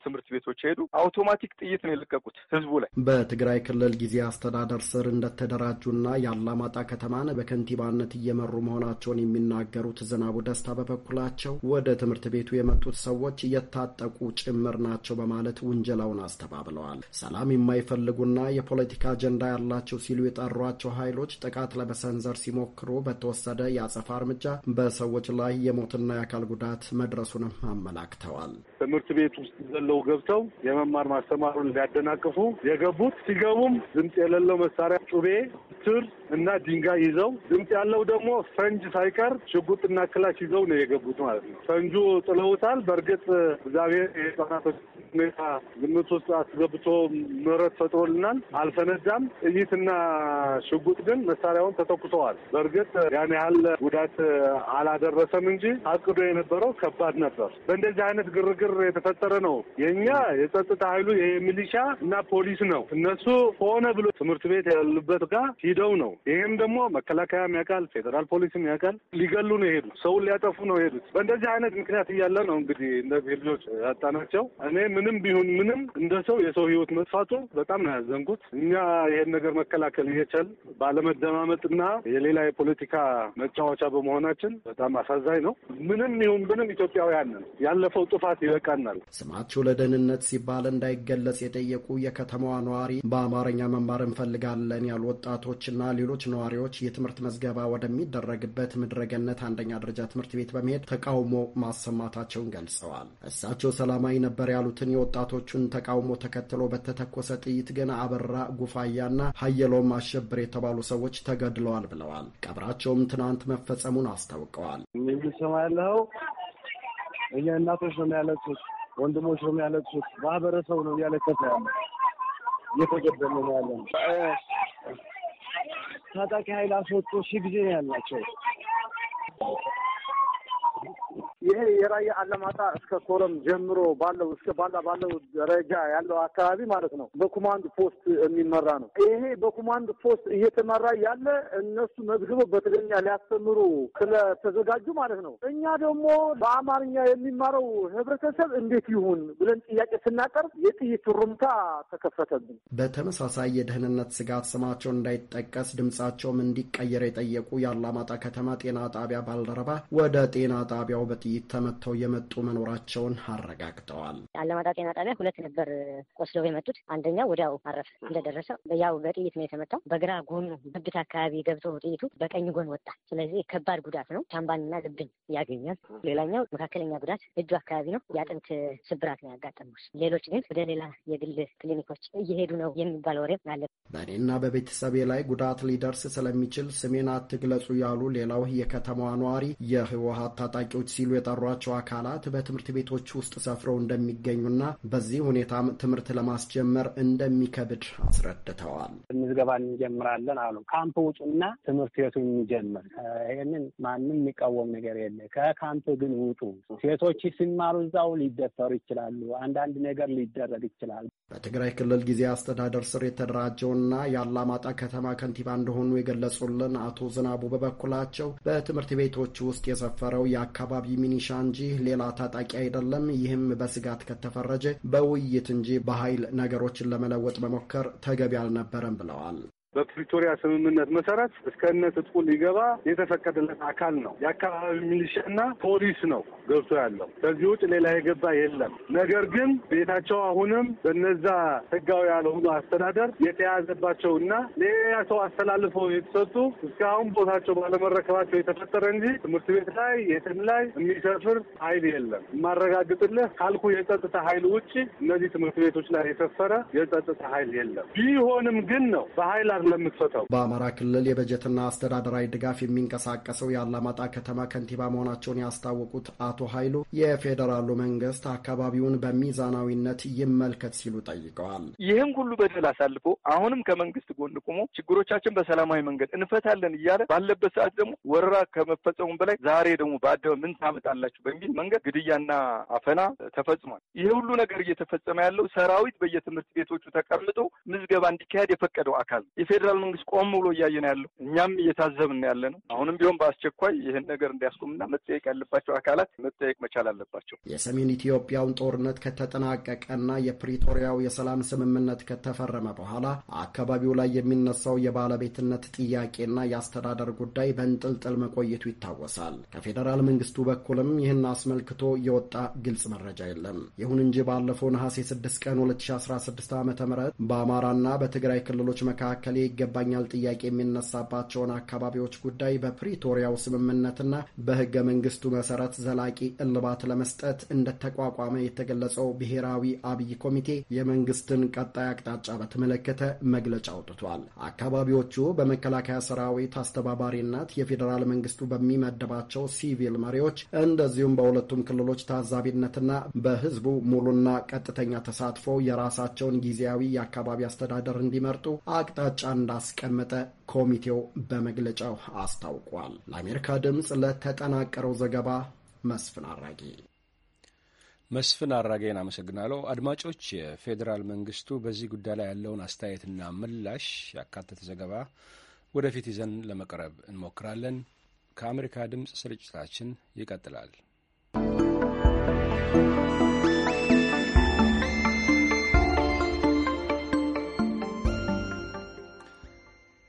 ትምህርት ትምህርት ቤቶች ሄዱ፣ አውቶማቲክ ጥይት ነው የለቀቁት ህዝቡ ላይ። በትግራይ ክልል ጊዜ አስተዳደር ስር እንደተደራጁና የአላማጣ ከተማን በከንቲባነት እየመሩ መሆናቸውን የሚናገሩት ዝናቡ ደስታ በበኩላቸው ወደ ትምህርት ቤቱ የመጡት ሰዎች የታጠቁ ጭምር ናቸው በማለት ውንጀላውን አስተባብለዋል። ሰላም የማይፈልጉና የፖለቲካ አጀንዳ ያላቸው ሲሉ የጠሯቸው ኃይሎች ጥቃት ለመሰንዘር ሲሞክሩ በተወሰደ የአጸፋ እርምጃ በሰዎች ላይ የሞትና የአካል ጉዳት መድረሱንም አመላክተዋል። ትምህርት ቤት ውስጥ ዘለው ገብተው የመማር ማስተማሩን ሊያደናቅፉ የገቡት ሲገቡም ድምፅ የሌለው መሳሪያ ጩቤ፣ ትር እና ድንጋይ ይዘው ድምፅ ያለው ደግሞ ፈንጅ ሳይቀር ሽጉጥና ክላሽ ይዘው ነው የገቡት ማለት ነው። ፈንጁ ጥለውታል። በእርግጥ እግዚአብሔር የህጻናቶች ሁኔታ ግምት ውስጥ አስገብቶ ምረት ፈጥሮልናል። አልፈነዳም። ጥይትና ሽጉጥ ግን መሳሪያውን ተተኩሰዋል። በእርግጥ ያን ያህል ጉዳት አላደረሰም እንጂ አቅዶ የነበረው ከባድ ነበር። በእንደዚህ አይነት ግርግር ችግር የተፈጠረ ነው። የእኛ የጸጥታ ኃይሉ የሚሊሻ እና ፖሊስ ነው። እነሱ ሆነ ብሎ ትምህርት ቤት ያሉበት ጋር ሂደው ነው። ይህም ደግሞ መከላከያም ያውቃል፣ ፌዴራል ፖሊስም ያውቃል። ሊገሉ ነው ይሄዱ ሰውን ሊያጠፉ ነው የሄዱት። በእንደዚህ አይነት ምክንያት እያለ ነው እንግዲህ እነዚህ ልጆች ያጣናቸው። እኔ ምንም ቢሆን ምንም እንደ ሰው የሰው ህይወት መጥፋቱ በጣም ነው ያዘንኩት። እኛ ይሄን ነገር መከላከል እየቻል ባለመደማመጥና የሌላ የፖለቲካ መጫወቻ በመሆናችን በጣም አሳዛኝ ነው። ምንም ይሁን ምንም ኢትዮጵያውያን ያለፈው ጥፋት ያበቃናል። ስማቸው ለደህንነት ሲባል እንዳይገለጽ የጠየቁ የከተማዋ ነዋሪ በአማርኛ መማር እንፈልጋለን ያሉ ወጣቶችና ሌሎች ነዋሪዎች የትምህርት መዝገባ ወደሚደረግበት ምድረገነት አንደኛ ደረጃ ትምህርት ቤት በመሄድ ተቃውሞ ማሰማታቸውን ገልጸዋል። እሳቸው ሰላማዊ ነበር ያሉትን የወጣቶቹን ተቃውሞ ተከትሎ በተተኮሰ ጥይት ግን አበራ ጉፋያና ሀየሎም አሸብር የተባሉ ሰዎች ተገድለዋል ብለዋል። ቀብራቸውም ትናንት መፈጸሙን አስታውቀዋል። ሰማ ያለው እኛ እናቶች ነው የሚያለቅሱት፣ ወንድሞች ነው የሚያለቅሱት፣ ማህበረሰቡ ነው እያለቀሰ ያለ እየተገደለ ነው ያለ። ታጣቂ ኃይል አስወጡ ሺ ጊዜ ያላቸው ይሄ የራያ አላማጣ እስከ ኮረም ጀምሮ ባለው እስከ ባላ ባለው ደረጃ ያለው አካባቢ ማለት ነው በኮማንድ ፖስት የሚመራ ነው። ይሄ በኮማንድ ፖስት እየተመራ ያለ እነሱ መዝግበው በትግርኛ ሊያስተምሩ ስለተዘጋጁ ማለት ነው። እኛ ደግሞ በአማርኛ የሚማረው ህብረተሰብ እንዴት ይሁን ብለን ጥያቄ ስናቀርብ የጥይት ሩምታ ተከፈተብን። በተመሳሳይ የደህንነት ስጋት ስማቸውን እንዳይጠቀስ ድምጻቸውም እንዲቀየር የጠየቁ የአላማጣ ከተማ ጤና ጣቢያ ባልደረባ ወደ ጤና ጣቢያ በመሳሪያው በጥይት ተመተው የመጡ መኖራቸውን አረጋግጠዋል። አለማጣ ጤና ጣቢያ ሁለት ነበር ቆስለው የመጡት። አንደኛው ወዲያው አረፍ እንደደረሰ ያው በጥይት ነው የተመታው። በግራ ጎኑ ብብት አካባቢ ገብቶ ጥይቱ በቀኝ ጎን ወጣ። ስለዚህ ከባድ ጉዳት ነው። ሻምባንና ልብን ያገኛል። ሌላኛው መካከለኛ ጉዳት እጁ አካባቢ ነው። የአጥንት ስብራት ነው ያጋጠሙት። ሌሎች ግን ወደ ሌላ የግል ክሊኒኮች እየሄዱ ነው የሚባል ወሬም አለ። በእኔና በቤተሰቤ ላይ ጉዳት ሊደርስ ስለሚችል ስሜን አትግለጹ ያሉ ሌላው የከተማዋ ነዋሪ የህወሀት ታጣቂዎች አደራጆች ሲሉ የጠሯቸው አካላት በትምህርት ቤቶች ውስጥ ሰፍረው እንደሚገኙና በዚህ ሁኔታም ትምህርት ለማስጀመር እንደሚከብድ አስረድተዋል። ምዝገባ እንጀምራለን አሉ። ካምፕ ውጡና ትምህርት ቤቱ የሚጀምር ይህንን ማንም የሚቃወም ነገር የለ። ከካምፕ ግን ውጡ። ሴቶች ሲማሩ እዛው ሊደፈሩ ይችላሉ። አንዳንድ ነገር ሊደረግ ይችላል። በትግራይ ክልል ጊዜ አስተዳደር ስር የተደራጀውና የአላማጣ ከተማ ከንቲባ እንደሆኑ የገለጹልን አቶ ዝናቡ በበኩላቸው በትምህርት ቤቶች ውስጥ የሰፈረው የአካባቢ አካባቢ ሚኒሻ እንጂ ሌላ ታጣቂ አይደለም። ይህም በስጋት ከተፈረጀ በውይይት እንጂ በኃይል ነገሮችን ለመለወጥ መሞከር ተገቢ አልነበረም ብለዋል። በፕሪቶሪያ ስምምነት መሰረት እስከነ ትጥቁ ሊገባ የተፈቀደለት አካል ነው። የአካባቢ ሚሊሻና ፖሊስ ነው ገብቶ ያለው። ከዚህ ውጭ ሌላ የገባ የለም። ነገር ግን ቤታቸው አሁንም በነዛ ህጋዊ ያልሆኑ አስተዳደር የተያዘባቸው እና ሌላ ሰው አስተላልፈው የተሰጡ እስካሁን ቦታቸው ባለመረከባቸው የተፈጠረ እንጂ ትምህርት ቤት ላይ የትም ላይ የሚሰፍር ኃይል የለም። የማረጋግጥልህ ካልኩ የጸጥታ ኃይል ውጭ እነዚህ ትምህርት ቤቶች ላይ የሰፈረ የጸጥታ ኃይል የለም። ቢሆንም ግን ነው በኃይል አይደለም የምትፈታው። በአማራ ክልል የበጀትና አስተዳደራዊ ድጋፍ የሚንቀሳቀሰው የአላማጣ ከተማ ከንቲባ መሆናቸውን ያስታወቁት አቶ ኃይሉ የፌዴራሉ መንግስት አካባቢውን በሚዛናዊነት ይመልከት ሲሉ ጠይቀዋል። ይህን ሁሉ በደል አሳልፎ አሁንም ከመንግስት ጎን ቆሞ ችግሮቻችን በሰላማዊ መንገድ እንፈታለን እያለ ባለበት ሰዓት ደግሞ ወረራ ከመፈጸሙ በላይ ዛሬ ደግሞ በአደ ምን ታመጣላችሁ በሚል መንገድ ግድያና አፈና ተፈጽሟል። ይህ ሁሉ ነገር እየተፈጸመ ያለው ሰራዊት በየትምህርት ቤቶቹ ተቀምጦ ምዝገባ እንዲካሄድ የፈቀደው አካል ነው። የፌዴራል መንግስት ቆም ብሎ እያየ ነው ያለው። እኛም እየታዘብን ያለ ነው። አሁንም ቢሆን በአስቸኳይ ይህን ነገር እንዲያስቆምና መጠየቅ ያለባቸው አካላት መጠየቅ መቻል አለባቸው። የሰሜን ኢትዮጵያውን ጦርነት ከተጠናቀቀና የፕሪቶሪያው የሰላም ስምምነት ከተፈረመ በኋላ አካባቢው ላይ የሚነሳው የባለቤትነት ጥያቄና የአስተዳደር ጉዳይ በንጥልጥል መቆየቱ ይታወሳል። ከፌዴራል መንግስቱ በኩልም ይህን አስመልክቶ የወጣ ግልጽ መረጃ የለም። ይሁን እንጂ ባለፈው ነሐሴ 6 ቀን 2016 ዓ ም በአማራና በትግራይ ክልሎች መካከል ይገባኛል ጥያቄ የሚነሳባቸውን አካባቢዎች ጉዳይ በፕሪቶሪያው ስምምነትና በህገ መንግስቱ መሰረት ዘላቂ እልባት ለመስጠት እንደተቋቋመ የተገለጸው ብሔራዊ አብይ ኮሚቴ የመንግስትን ቀጣይ አቅጣጫ በተመለከተ መግለጫ አውጥቷል። አካባቢዎቹ በመከላከያ ሰራዊት አስተባባሪነት የፌዴራል መንግስቱ በሚመደባቸው ሲቪል መሪዎች እንደዚሁም በሁለቱም ክልሎች ታዛቢነትና በህዝቡ ሙሉና ቀጥተኛ ተሳትፎ የራሳቸውን ጊዜያዊ የአካባቢ አስተዳደር እንዲመርጡ አቅጣጫ እንዳስቀመጠ ኮሚቴው በመግለጫው አስታውቋል። ለአሜሪካ ድምፅ ለተጠናቀረው ዘገባ መስፍን አራጌ መስፍን አራጌን አመሰግናለሁ። አድማጮች፣ የፌዴራል መንግስቱ በዚህ ጉዳይ ላይ ያለውን አስተያየትና ምላሽ ያካተተ ዘገባ ወደፊት ይዘን ለመቅረብ እንሞክራለን። ከአሜሪካ ድምፅ ስርጭታችን ይቀጥላል።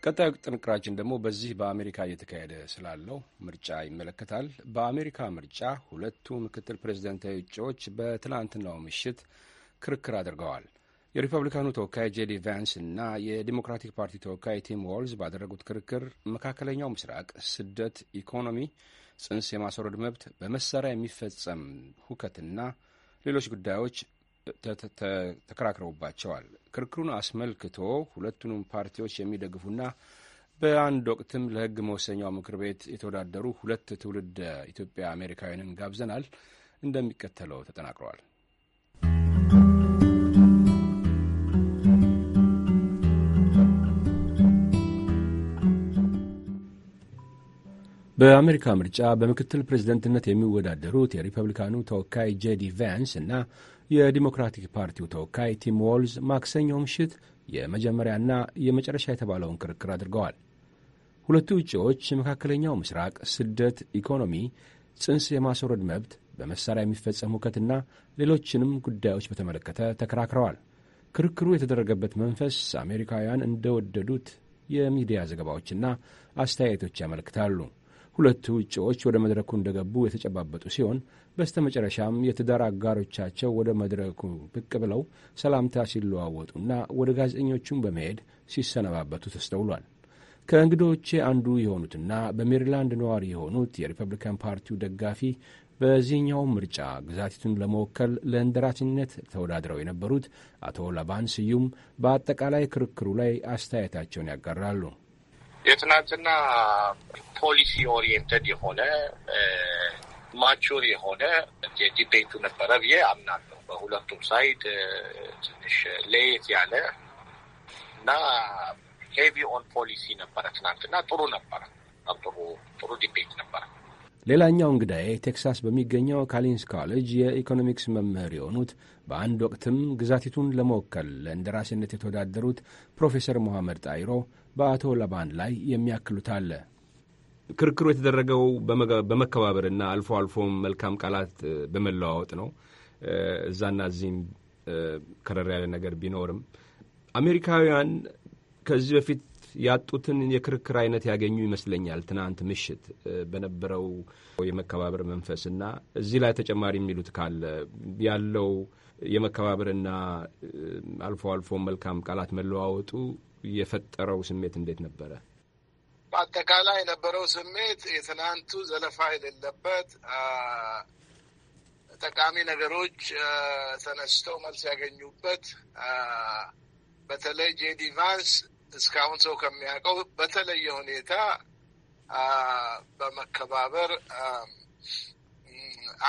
ቀጣዩ ጥንቅራችን ደግሞ በዚህ በአሜሪካ እየተካሄደ ስላለው ምርጫ ይመለከታል። በአሜሪካ ምርጫ ሁለቱ ምክትል ፕሬዚደንታዊ እጩዎች በትላንትናው ምሽት ክርክር አድርገዋል። የሪፐብሊካኑ ተወካይ ጄዲ ቫንስ እና የዲሞክራቲክ ፓርቲ ተወካይ ቲም ዋልዝ ባደረጉት ክርክር መካከለኛው ምስራቅ፣ ስደት፣ ኢኮኖሚ፣ ጽንስ የማስወረድ መብት፣ በመሳሪያ የሚፈጸም ሁከትና ሌሎች ጉዳዮች ተከራክረውባቸዋል። ክርክሩን አስመልክቶ ሁለቱንም ፓርቲዎች የሚደግፉና በአንድ ወቅትም ለሕግ መወሰኛው ምክር ቤት የተወዳደሩ ሁለት ትውልድ ኢትዮጵያ አሜሪካውያንን ጋብዘናል። እንደሚከተለው ተጠናቅረዋል። በአሜሪካ ምርጫ በምክትል ፕሬዝደንትነት የሚወዳደሩት የሪፐብሊካኑ ተወካይ ጄዲ ቫንስ እና የዲሞክራቲክ ፓርቲው ተወካይ ቲም ዎልዝ ማክሰኞ ምሽት የመጀመሪያና የመጨረሻ የተባለውን ክርክር አድርገዋል። ሁለቱ እጩዎች የመካከለኛው ምስራቅ፣ ስደት፣ ኢኮኖሚ፣ ጽንስ የማስወረድ መብት፣ በመሳሪያ የሚፈጸም ሁከትና ሌሎችንም ጉዳዮች በተመለከተ ተከራክረዋል። ክርክሩ የተደረገበት መንፈስ አሜሪካውያን እንደወደዱት የሚዲያ ዘገባዎችና አስተያየቶች ያመለክታሉ። ሁለቱ እጩዎች ወደ መድረኩ እንደገቡ የተጨባበጡ ሲሆን በስተ መጨረሻም የትዳር አጋሮቻቸው ወደ መድረኩ ብቅ ብለው ሰላምታ ሲለዋወጡና ወደ ጋዜጠኞቹም በመሄድ ሲሰነባበቱ ተስተውሏል። ከእንግዶች አንዱ የሆኑትና በሜሪላንድ ነዋሪ የሆኑት የሪፐብሊካን ፓርቲው ደጋፊ በዚህኛው ምርጫ ግዛቲቱን ለመወከል ለእንደራችነት ተወዳድረው የነበሩት አቶ ለባን ስዩም በአጠቃላይ ክርክሩ ላይ አስተያየታቸውን ያጋራሉ። የትናንትና ፖሊሲ ኦሪየንተድ የሆነ ማቹር የሆነ የዲቤቱ ነበረ ብዬ አምናለሁ። በሁለቱም ሳይድ ትንሽ ለየት ያለ እና ሄቪ ኦን ፖሊሲ ነበረ ትናንትና። ጥሩ ነበረ። ጥሩ ጥሩ ዲቤት ነበረ። ሌላኛው እንግዳዬ ቴክሳስ በሚገኘው ካሊንስ ኮሌጅ የኢኮኖሚክስ መምህር የሆኑት በአንድ ወቅትም ግዛቲቱን ለመወከል ለእንደራሴነት የተወዳደሩት ፕሮፌሰር መሐመድ ጣይሮ በአቶ ለባን ላይ የሚያክሉት አለ። ክርክሩ የተደረገው በመከባበርና አልፎ አልፎም መልካም ቃላት በመለዋወጥ ነው። እዛና እዚህም ከረር ያለ ነገር ቢኖርም አሜሪካውያን ከዚህ በፊት ያጡትን የክርክር አይነት ያገኙ ይመስለኛል። ትናንት ምሽት በነበረው የመከባበር መንፈስና እዚህ ላይ ተጨማሪ የሚሉት ካለ ያለው የመከባበርና አልፎ አልፎ መልካም ቃላት መለዋወጡ የፈጠረው ስሜት እንዴት ነበረ? በአጠቃላይ የነበረው ስሜት የትናንቱ ዘለፋ የሌለበት ጠቃሚ ነገሮች ተነስተው መልስ ያገኙበት በተለይ ጄዲ ቫንስ እስካሁን ሰው ከሚያውቀው በተለየ ሁኔታ በመከባበር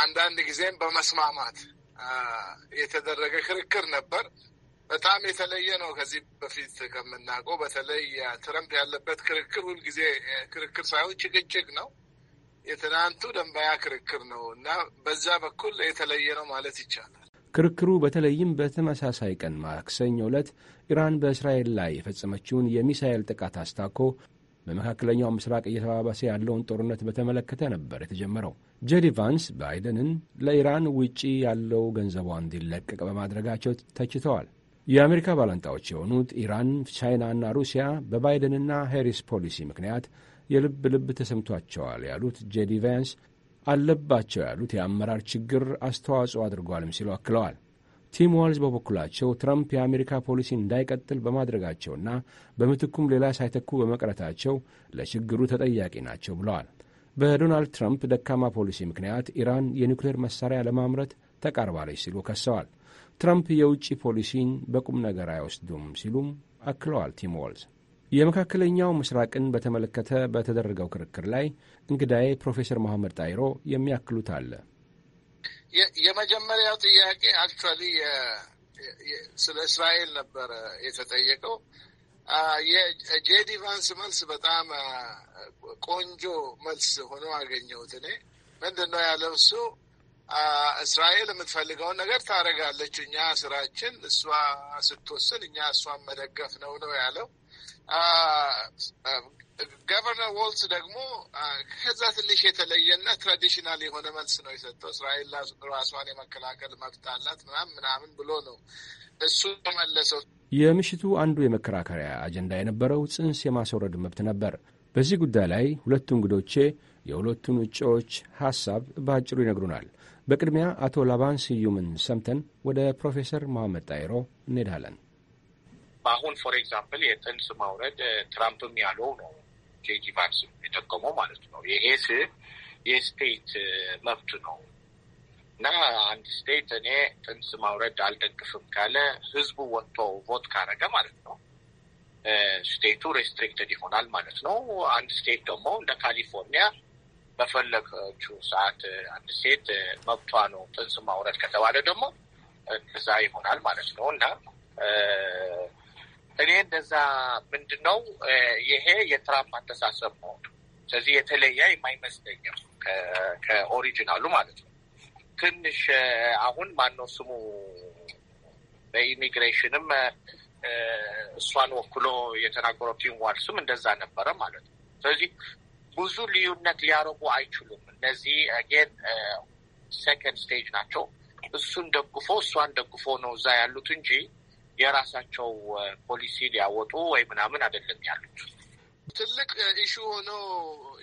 አንዳንድ ጊዜም በመስማማት የተደረገ ክርክር ነበር። በጣም የተለየ ነው። ከዚህ በፊት ከምናውቀው በተለይ ትረምፕ ያለበት ክርክር ሁልጊዜ ክርክር ሳይሆን ጭቅጭቅ ነው። የትናንቱ ደንባያ ክርክር ነው እና በዛ በኩል የተለየ ነው ማለት ይቻላል። ክርክሩ በተለይም በተመሳሳይ ቀን ማክሰኞ ዕለት ኢራን በእስራኤል ላይ የፈጸመችውን የሚሳኤል ጥቃት አስታኮ በመካከለኛው ምስራቅ እየተባባሰ ያለውን ጦርነት በተመለከተ ነበር የተጀመረው። ጄዲ ቫንስ ባይደንን ለኢራን ውጪ ያለው ገንዘቧ እንዲለቀቅ በማድረጋቸው ተችተዋል። የአሜሪካ ባላንጣዎች የሆኑት ኢራን፣ ቻይናና ሩሲያ በባይደንና ሄሪስ ፖሊሲ ምክንያት የልብ ልብ ተሰምቷቸዋል ያሉት ጄዲ ቫንስ አለባቸው ያሉት የአመራር ችግር አስተዋጽኦ አድርጓልም ሲሉ አክለዋል። ቲም ዋልዝ በበኩላቸው ትራምፕ የአሜሪካ ፖሊሲ እንዳይቀጥል በማድረጋቸውና በምትኩም ሌላ ሳይተኩ በመቅረታቸው ለችግሩ ተጠያቂ ናቸው ብለዋል። በዶናልድ ትራምፕ ደካማ ፖሊሲ ምክንያት ኢራን የኒውክሌር መሣሪያ ለማምረት ተቃርባለች ሲሉ ከሰዋል። ትራምፕ የውጭ ፖሊሲን በቁም ነገር አይወስዱም ሲሉም አክለዋል ቲም ዋልዝ። የመካከለኛው ምስራቅን በተመለከተ በተደረገው ክርክር ላይ እንግዳዬ ፕሮፌሰር መሐመድ ጣይሮ የሚያክሉት አለ። የመጀመሪያው ጥያቄ አክቹዋሊ ስለ እስራኤል ነበረ የተጠየቀው። የጄዲ ቫንስ መልስ በጣም ቆንጆ መልስ ሆኖ አገኘሁት። እኔ ምንድን ነው ያለው እሱ እስራኤል የምትፈልገውን ነገር ታደርጋለች። እኛ ስራችን እሷ ስትወስን እኛ እሷን መደገፍ ነው ነው ያለው። ገቨርነር ዎልስ ደግሞ ከዛ ትንሽ የተለየና ትራዲሽናል የሆነ መልስ ነው የሰጠው። እስራኤል ራሷን የመከላከል መብት አላት ምናምን ምናምን ብሎ ነው እሱ የመለሰው። የምሽቱ አንዱ የመከራከሪያ አጀንዳ የነበረው ጽንስ የማስወረድ መብት ነበር። በዚህ ጉዳይ ላይ ሁለቱ እንግዶቼ የሁለቱን እጩዎች ሀሳብ በአጭሩ ይነግሩናል። በቅድሚያ አቶ ላባን ስዩምን ሰምተን ወደ ፕሮፌሰር መሐመድ ጣይሮ እንሄዳለን። አሁን ፎር ኤግዛምፕል የጥንስ ማውረድ ትራምፕም ያለው ነው። ጄጂ ቫንስ የጠቀመው ማለት ነው። ይሄ ስ የስቴት መብት ነው እና አንድ ስቴት እኔ ጥንስ ማውረድ አልደግፍም ካለ ህዝቡ ወጥቶ ቮት ካረገ ማለት ነው ስቴቱ ሬስትሪክትድ ይሆናል ማለት ነው። አንድ ስቴት ደግሞ እንደ ካሊፎርኒያ በፈለገችው ሰዓት አንድ ሴት መብቷ ነው ጥንስ ማውረድ ከተባለ ደግሞ እዛ ይሆናል ማለት ነው እና እኔ እንደዛ ምንድን ነው ይሄ የትራምፕ አተሳሰብ መሆኑ ስለዚህ የተለየ የማይመስለኝም ከኦሪጂናሉ ማለት ነው። ትንሽ አሁን ማነው ስሙ በኢሚግሬሽንም እሷን ወክሎ የተናገረው ቲም ዋልስም እንደዛ ነበረ ማለት ነው። ስለዚህ ብዙ ልዩነት ሊያረጉ አይችሉም። እነዚህ ጌን ሴከንድ ስቴጅ ናቸው። እሱን ደግፎ እሷን ደግፎ ነው እዛ ያሉት እንጂ የራሳቸው ፖሊሲ uh, ሊያወጡ ወይ ምናምን አይደለም ያሉት። ትልቅ ኢሹ uh, ሆኖ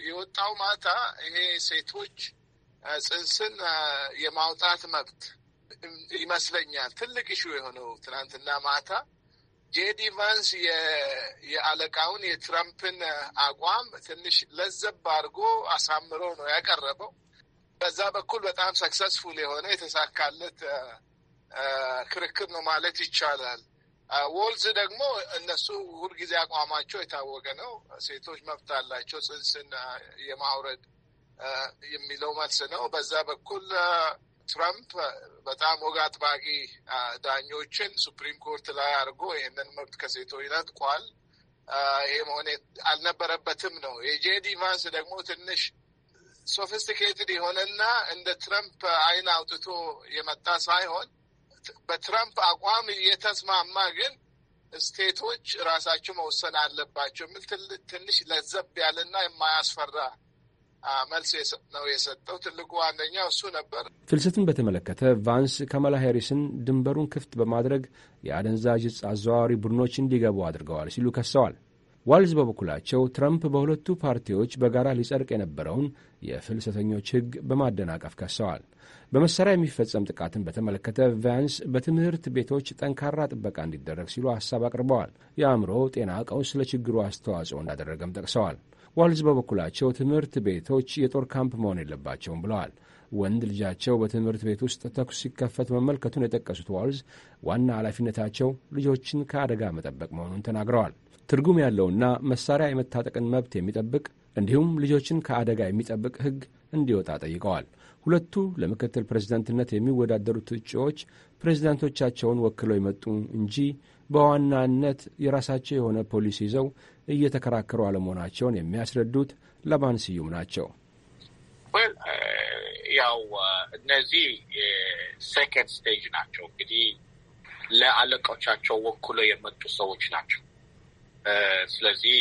የወጣው ማታ ይሄ ሴቶች uh, ጽንስን የማውጣት መብት ይመስለኛል ትልቅ ኢሹ የሆነው ትናንትና ማታ ጄዲ ቫንስ የአለቃውን የትራምፕን አቋም ትንሽ ለዘብ አድርጎ አሳምሮ ነው ያቀረበው። በዛ በኩል በጣም ሰክሰስፉል የሆነ የተሳካለት ክርክር ነው ማለት ይቻላል። ወልዝ ደግሞ እነሱ ሁልጊዜ አቋማቸው የታወቀ ነው። ሴቶች መብት አላቸው ጽንስን የማውረድ የሚለው መልስ ነው። በዛ በኩል ትራምፕ በጣም ወግ አጥባቂ ዳኞችን ሱፕሪም ኮርት ላይ አድርጎ ይህንን መብት ከሴቶች ነጥቋል። ይህ መሆን አልነበረበትም ነው። የጄዲ ቫንስ ደግሞ ትንሽ ሶፊስቲኬትድ የሆነና እንደ ትራምፕ አይን አውጥቶ የመጣ ሳይሆን በትራምፕ አቋም እየተስማማ ግን ስቴቶች ራሳቸው መወሰን አለባቸው የሚል ትንሽ ለዘብ ያለና የማያስፈራ መልስ ነው የሰጠው። ትልቁ አንደኛው እሱ ነበር። ፍልሰትን በተመለከተ ቫንስ ካማላ ሄሪስን ድንበሩን ክፍት በማድረግ የአደንዛዥ አዘዋዋሪ ቡድኖች እንዲገቡ አድርገዋል ሲሉ ከሰዋል። ዋልዝ በበኩላቸው ትራምፕ በሁለቱ ፓርቲዎች በጋራ ሊጸድቅ የነበረውን የፍልሰተኞች ሕግ በማደናቀፍ ከሰዋል። በመሳሪያ የሚፈጸም ጥቃትን በተመለከተ ቫንስ በትምህርት ቤቶች ጠንካራ ጥበቃ እንዲደረግ ሲሉ ሀሳብ አቅርበዋል። የአእምሮ ጤና ቀውስ ለችግሩ አስተዋጽኦ እንዳደረገም ጠቅሰዋል። ዋልዝ በበኩላቸው ትምህርት ቤቶች የጦር ካምፕ መሆን የለባቸውም ብለዋል። ወንድ ልጃቸው በትምህርት ቤት ውስጥ ተኩስ ሲከፈት መመልከቱን የጠቀሱት ዋልዝ ዋና ኃላፊነታቸው ልጆችን ከአደጋ መጠበቅ መሆኑን ተናግረዋል። ትርጉም ያለውና መሳሪያ የመታጠቅን መብት የሚጠብቅ እንዲሁም ልጆችን ከአደጋ የሚጠብቅ ሕግ እንዲወጣ ጠይቀዋል። ሁለቱ ለምክትል ፕሬዝዳንትነት የሚወዳደሩት እጩዎች ፕሬዝዳንቶቻቸውን ወክለው የመጡ እንጂ በዋናነት የራሳቸው የሆነ ፖሊሲ ይዘው እየተከራከሩ አለመሆናቸውን የሚያስረዱት ለማን ስዩም ናቸው። uh, ያው uh, እነዚህ ሴከንድ uh, ስቴጅ ናቸው እንግዲህ ለአለቆቻቸው ወክሎ የመጡ ሰዎች ናቸው። ስለዚህ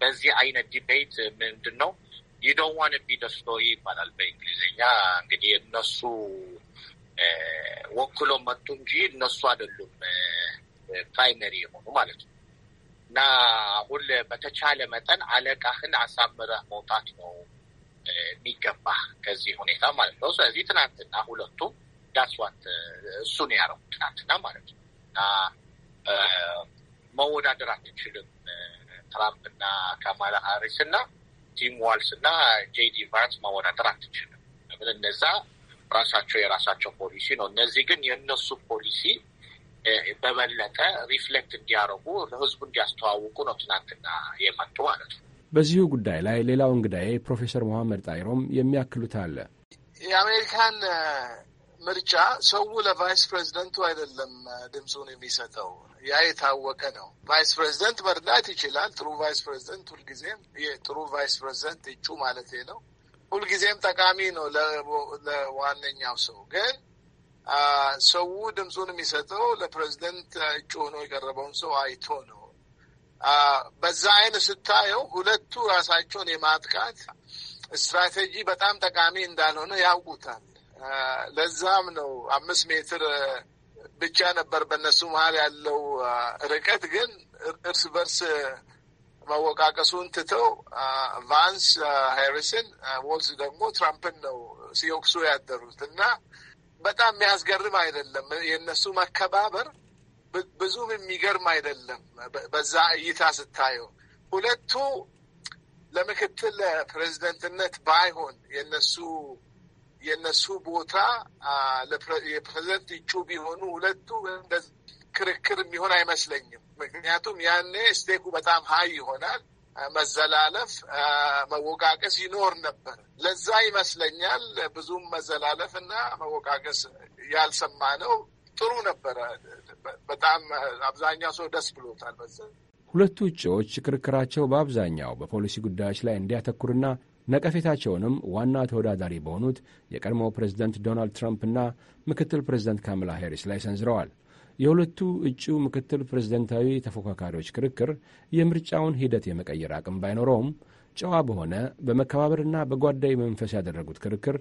በዚህ አይነት ዲቤት ምንድን ነው ይደዋን ቢደስቶ ይባላል በእንግሊዝኛ እንግዲህ እነሱ ወክሎ መጡ እንጂ እነሱ አይደሉም ፕራይመሪ የሆኑ ማለት ነው። እና አሁን በተቻለ መጠን አለቃህን አሳምረህ መውጣት ነው የሚገባ ከዚህ ሁኔታ ማለት ነው። ስለዚህ ትናንትና ሁለቱም ዳስዋት እሱ ነው ያደረጉ ትናንትና ማለት ነው። እና መወዳደር አትችልም ትራምፕ እና ካማላ ሃሪስ እና ቲም ዋልስ እና ጄዲ ቫንስ መወዳደር አትችልም። ለምን እነዛ ራሳቸው የራሳቸው ፖሊሲ ነው። እነዚህ ግን የእነሱ ፖሊሲ በበለጠ ሪፍሌክት እንዲያደርጉ ለህዝቡ እንዲያስተዋውቁ ነው ትናንትና የመጡ ማለት ነው። በዚሁ ጉዳይ ላይ ሌላው እንግዳዬ ፕሮፌሰር መሐመድ ጣይሮም የሚያክሉት አለ። የአሜሪካን ምርጫ ሰው ለቫይስ ፕሬዚደንቱ አይደለም ድምፁን የሚሰጠው፣ ያ የታወቀ ነው። ቫይስ ፕሬዚደንት መርዳት ይችላል። ጥሩ ቫይስ ፕሬዚደንት ሁልጊዜም ጥሩ ቫይስ ፕሬዚደንት እጩ ማለት ነው ሁልጊዜም ጠቃሚ ነው ለዋነኛው ሰው ግን ሰው ድምፁን የሚሰጠው ለፕሬዚደንት እጩ ሆኖ የቀረበውን ሰው አይቶ ነው። በዛ አይን ስታየው ሁለቱ ራሳቸውን የማጥቃት ስትራቴጂ በጣም ጠቃሚ እንዳልሆነ ያውቁታል። ለዛም ነው አምስት ሜትር ብቻ ነበር በእነሱ መሀል ያለው ርቀት፣ ግን እርስ በርስ መወቃቀሱን ትተው ቫንስ ሃሪስን፣ ዎልስ ደግሞ ትራምፕን ነው ሲወቅሱ ያደሩት እና በጣም የሚያስገርም አይደለም። የእነሱ መከባበር ብዙም የሚገርም አይደለም። በዛ እይታ ስታየው ሁለቱ ለምክትል ፕሬዚደንትነት ባይሆን የነሱ የነሱ ቦታ የፕሬዚደንት እጩ ቢሆኑ ሁለቱ ክርክር የሚሆን አይመስለኝም። ምክንያቱም ያኔ ስቴኩ በጣም ሀይ ይሆናል። መዘላለፍ፣ መወቃቀስ ይኖር ነበር። ለዛ ይመስለኛል ብዙም መዘላለፍ እና መወቃቀስ ያልሰማ ነው። ጥሩ ነበረ። በጣም አብዛኛው ሰው ደስ ብሎታል። በዛ ሁለቱ እጩዎች ክርክራቸው በአብዛኛው በፖሊሲ ጉዳዮች ላይ እንዲያተኩርና ነቀፌታቸውንም ዋና ተወዳዳሪ በሆኑት የቀድሞ ፕሬዝደንት ዶናልድ ትራምፕና ምክትል ፕሬዝደንት ካምላ ሄሪስ ላይ ሰንዝረዋል። የሁለቱ እጩ ምክትል ፕሬዝደንታዊ ተፎካካሪዎች ክርክር የምርጫውን ሂደት የመቀየር አቅም ባይኖረውም ጨዋ በሆነ በመከባበርና በጓዳዊ መንፈስ ያደረጉት ክርክር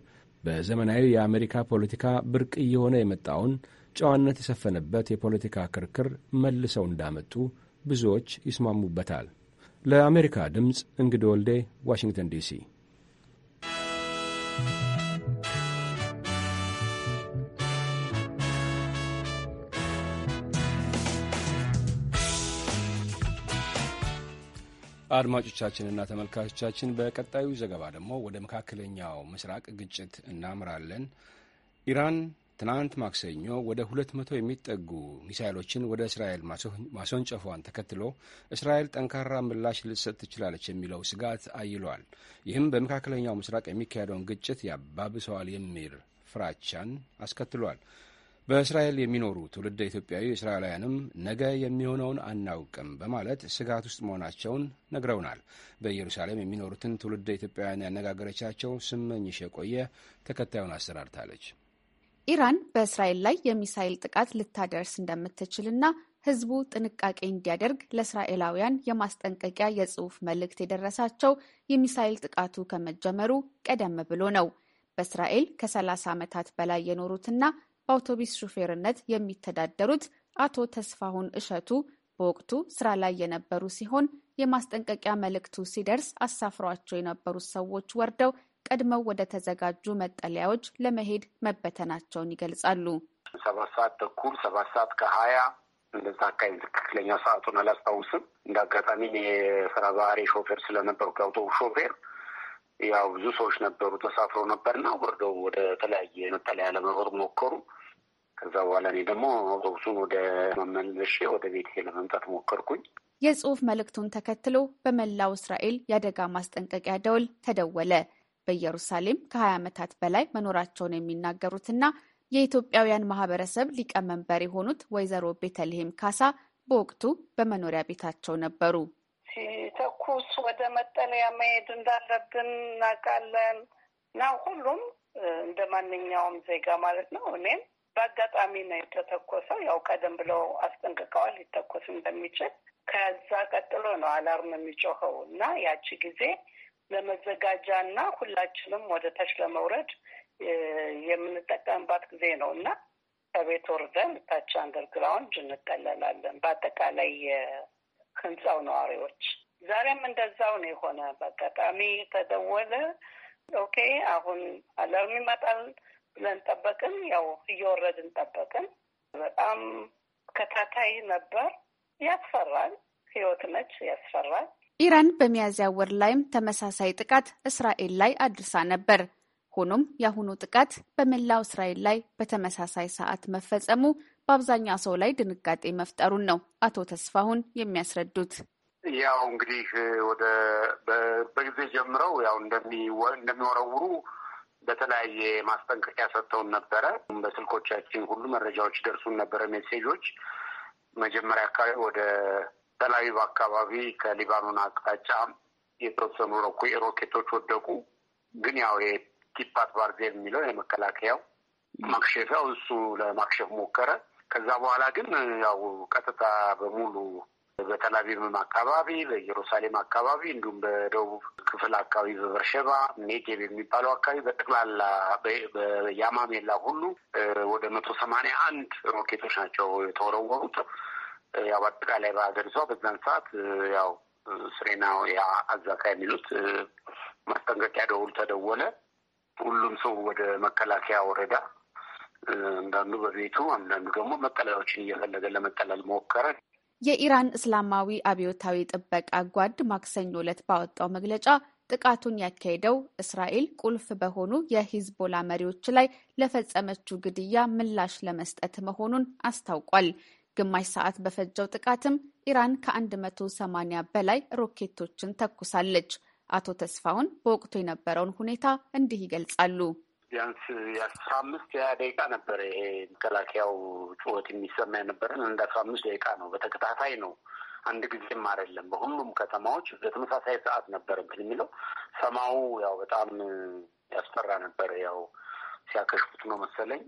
በዘመናዊ የአሜሪካ ፖለቲካ ብርቅ እየሆነ የመጣውን ጨዋነት የሰፈነበት የፖለቲካ ክርክር መልሰው እንዳመጡ ብዙዎች ይስማሙበታል። ለአሜሪካ ድምፅ እንግዳ ወልዴ ዋሽንግተን ዲሲ አድማጮቻችንና ተመልካቾቻችን በቀጣዩ ዘገባ ደግሞ ወደ መካከለኛው ምስራቅ ግጭት እናምራለን። ኢራን ትናንት ማክሰኞ ወደ ሁለት መቶ የሚጠጉ ሚሳይሎችን ወደ እስራኤል ማስወንጨፏን ተከትሎ እስራኤል ጠንካራ ምላሽ ልትሰጥ ትችላለች የሚለው ስጋት አይሏል። ይህም በመካከለኛው ምስራቅ የሚካሄደውን ግጭት ያባብሰዋል የሚል ፍራቻን አስከትሏል። በእስራኤል የሚኖሩ ትውልደ ኢትዮጵያዊ እስራኤላውያንም ነገ የሚሆነውን አናውቅም በማለት ስጋት ውስጥ መሆናቸውን ነግረውናል። በኢየሩሳሌም የሚኖሩትን ትውልደ ኢትዮጵያውያን ያነጋገረቻቸው ስመኝሽ የቆየ ተከታዩን አሰናድታለች። ኢራን በእስራኤል ላይ የሚሳይል ጥቃት ልታደርስ እንደምትችልና ሕዝቡ ጥንቃቄ እንዲያደርግ ለእስራኤላውያን የማስጠንቀቂያ የጽሑፍ መልእክት የደረሳቸው የሚሳይል ጥቃቱ ከመጀመሩ ቀደም ብሎ ነው። በእስራኤል ከ30 ዓመታት በላይ የኖሩትና በአውቶቡስ ሹፌርነት የሚተዳደሩት አቶ ተስፋሁን እሸቱ በወቅቱ ስራ ላይ የነበሩ ሲሆን የማስጠንቀቂያ መልእክቱ ሲደርስ አሳፍሯቸው የነበሩት ሰዎች ወርደው ቀድመው ወደ ተዘጋጁ መጠለያዎች ለመሄድ መበተናቸውን ይገልጻሉ። ሰባት ሰዓት ተኩል ሰባት ሰዓት ከሀያ እንደዛ አካባቢ ትክክለኛ ሰዓቱን አላስታውስም። እንደ አጋጣሚ የስራ ባህሪ ሾፌር ስለነበሩ የአውቶቡስ ሾፌር ያው ብዙ ሰዎች ነበሩ ተሳፍረው ነበርና ወርደው ወደ ተለያየ መጠለያ ለመኖር ሞከሩ። ከዛ በኋላ እኔ ደግሞ አውቶቡሱን ወደ መመለሼ ወደ ቤት ለመምጣት ሞከርኩኝ። የጽሁፍ መልእክቱን ተከትሎ በመላው እስራኤል የአደጋ ማስጠንቀቂያ ደወል ተደወለ። በኢየሩሳሌም ከ20 ዓመታት በላይ መኖራቸውን የሚናገሩትና የኢትዮጵያውያን ማህበረሰብ ሊቀመንበር የሆኑት ወይዘሮ ቤተልሔም ካሳ በወቅቱ በመኖሪያ ቤታቸው ነበሩ። ሲተኩስ ወደ መጠለያ መሄድ እንዳለብን እናውቃለን እና ሁሉም እንደ ማንኛውም ዜጋ ማለት ነው። እኔም በአጋጣሚ ነው የተተኮሰው። ያው ቀደም ብለው አስጠንቅቀዋል ሊተኮስ እንደሚችል። ከዛ ቀጥሎ ነው አላርም የሚጮኸው እና ያቺ ጊዜ ለመዘጋጃ እና ሁላችንም ወደ ታች ለመውረድ የምንጠቀምባት ጊዜ ነው እና ከቤት ወርደን ታች አንደርግራውንድ እንጠለላለን። በአጠቃላይ ህንፃው ነዋሪዎች። ዛሬም እንደዛው ነው የሆነ። በአጋጣሚ ተደወለ። ኦኬ አሁን አለርም ይመጣል ብለን ጠበቅን። ያው እየወረድን ጠበቅን። በጣም ከታታይ ነበር። ያስፈራል። ህይወት ነች። ያስፈራል። ኢራን በሚያዝያ ወር ላይም ተመሳሳይ ጥቃት እስራኤል ላይ አድርሳ ነበር። ሆኖም የአሁኑ ጥቃት በመላው እስራኤል ላይ በተመሳሳይ ሰዓት መፈጸሙ በአብዛኛው ሰው ላይ ድንጋጤ መፍጠሩን ነው አቶ ተስፋሁን የሚያስረዱት። ያው እንግዲህ ወደ በጊዜ ጀምረው ያው እንደሚወረውሩ በተለያየ ማስጠንቀቂያ ሰጥተውን ነበረ። በስልኮቻችን ሁሉ መረጃዎች ደርሱን ነበረ። ሜሴጆች መጀመሪያ አካባቢ ወደ ተላዊቭ አካባቢ ከሊባኖን አቅጣጫ የተወሰኑ ሮኬቶች ወደቁ። ግን ያው የኪፓት ባርዜ የሚለው የመከላከያው ማክሸፊያው እሱ ለማክሸፍ ሞከረ። ከዛ በኋላ ግን ያው ቀጥታ በሙሉ በተላቪቭም አካባቢ በኢየሩሳሌም አካባቢ እንዲሁም በደቡብ ክፍል አካባቢ በበርሸባ ኔጌብ የሚባለው አካባቢ በጠቅላላ በያማሜላ ሁሉ ወደ መቶ ሰማንያ አንድ ሮኬቶች ናቸው የተወረወሩት። ያው አጠቃላይ በሀገሪቷ በዛን ሰዓት ያው ስሬና ያ አዛካ የሚሉት ማስጠንቀቂያ ደውል ተደወለ። ሁሉም ሰው ወደ መከላከያ ወረዳ አንዳንዱ በቤቱ አንዳንዱ ደግሞ መጠለያዎችን እየፈለገ ለመጠለል ሞከረ። የኢራን እስላማዊ አብዮታዊ ጥበቃ ጓድ ማክሰኞ ዕለት ባወጣው መግለጫ ጥቃቱን ያካሄደው እስራኤል ቁልፍ በሆኑ የሂዝቦላ መሪዎች ላይ ለፈጸመችው ግድያ ምላሽ ለመስጠት መሆኑን አስታውቋል። ግማሽ ሰዓት በፈጀው ጥቃትም ኢራን ከ180 በላይ ሮኬቶችን ተኩሳለች። አቶ ተስፋውን በወቅቱ የነበረውን ሁኔታ እንዲህ ይገልጻሉ። ቢያንስ የአስራ አምስት ያ ደቂቃ ነበር ይሄ መከላከያው ጩኸት የሚሰማ የነበረን እንደ አስራ አምስት ደቂቃ ነው። በተከታታይ ነው። አንድ ጊዜም አይደለም። በሁሉም ከተማዎች በተመሳሳይ ሰዓት ነበር እንትን የሚለው ሰማው ያው በጣም ያስፈራ ነበር። ያው ሲያከሽፉት ነው መሰለኝ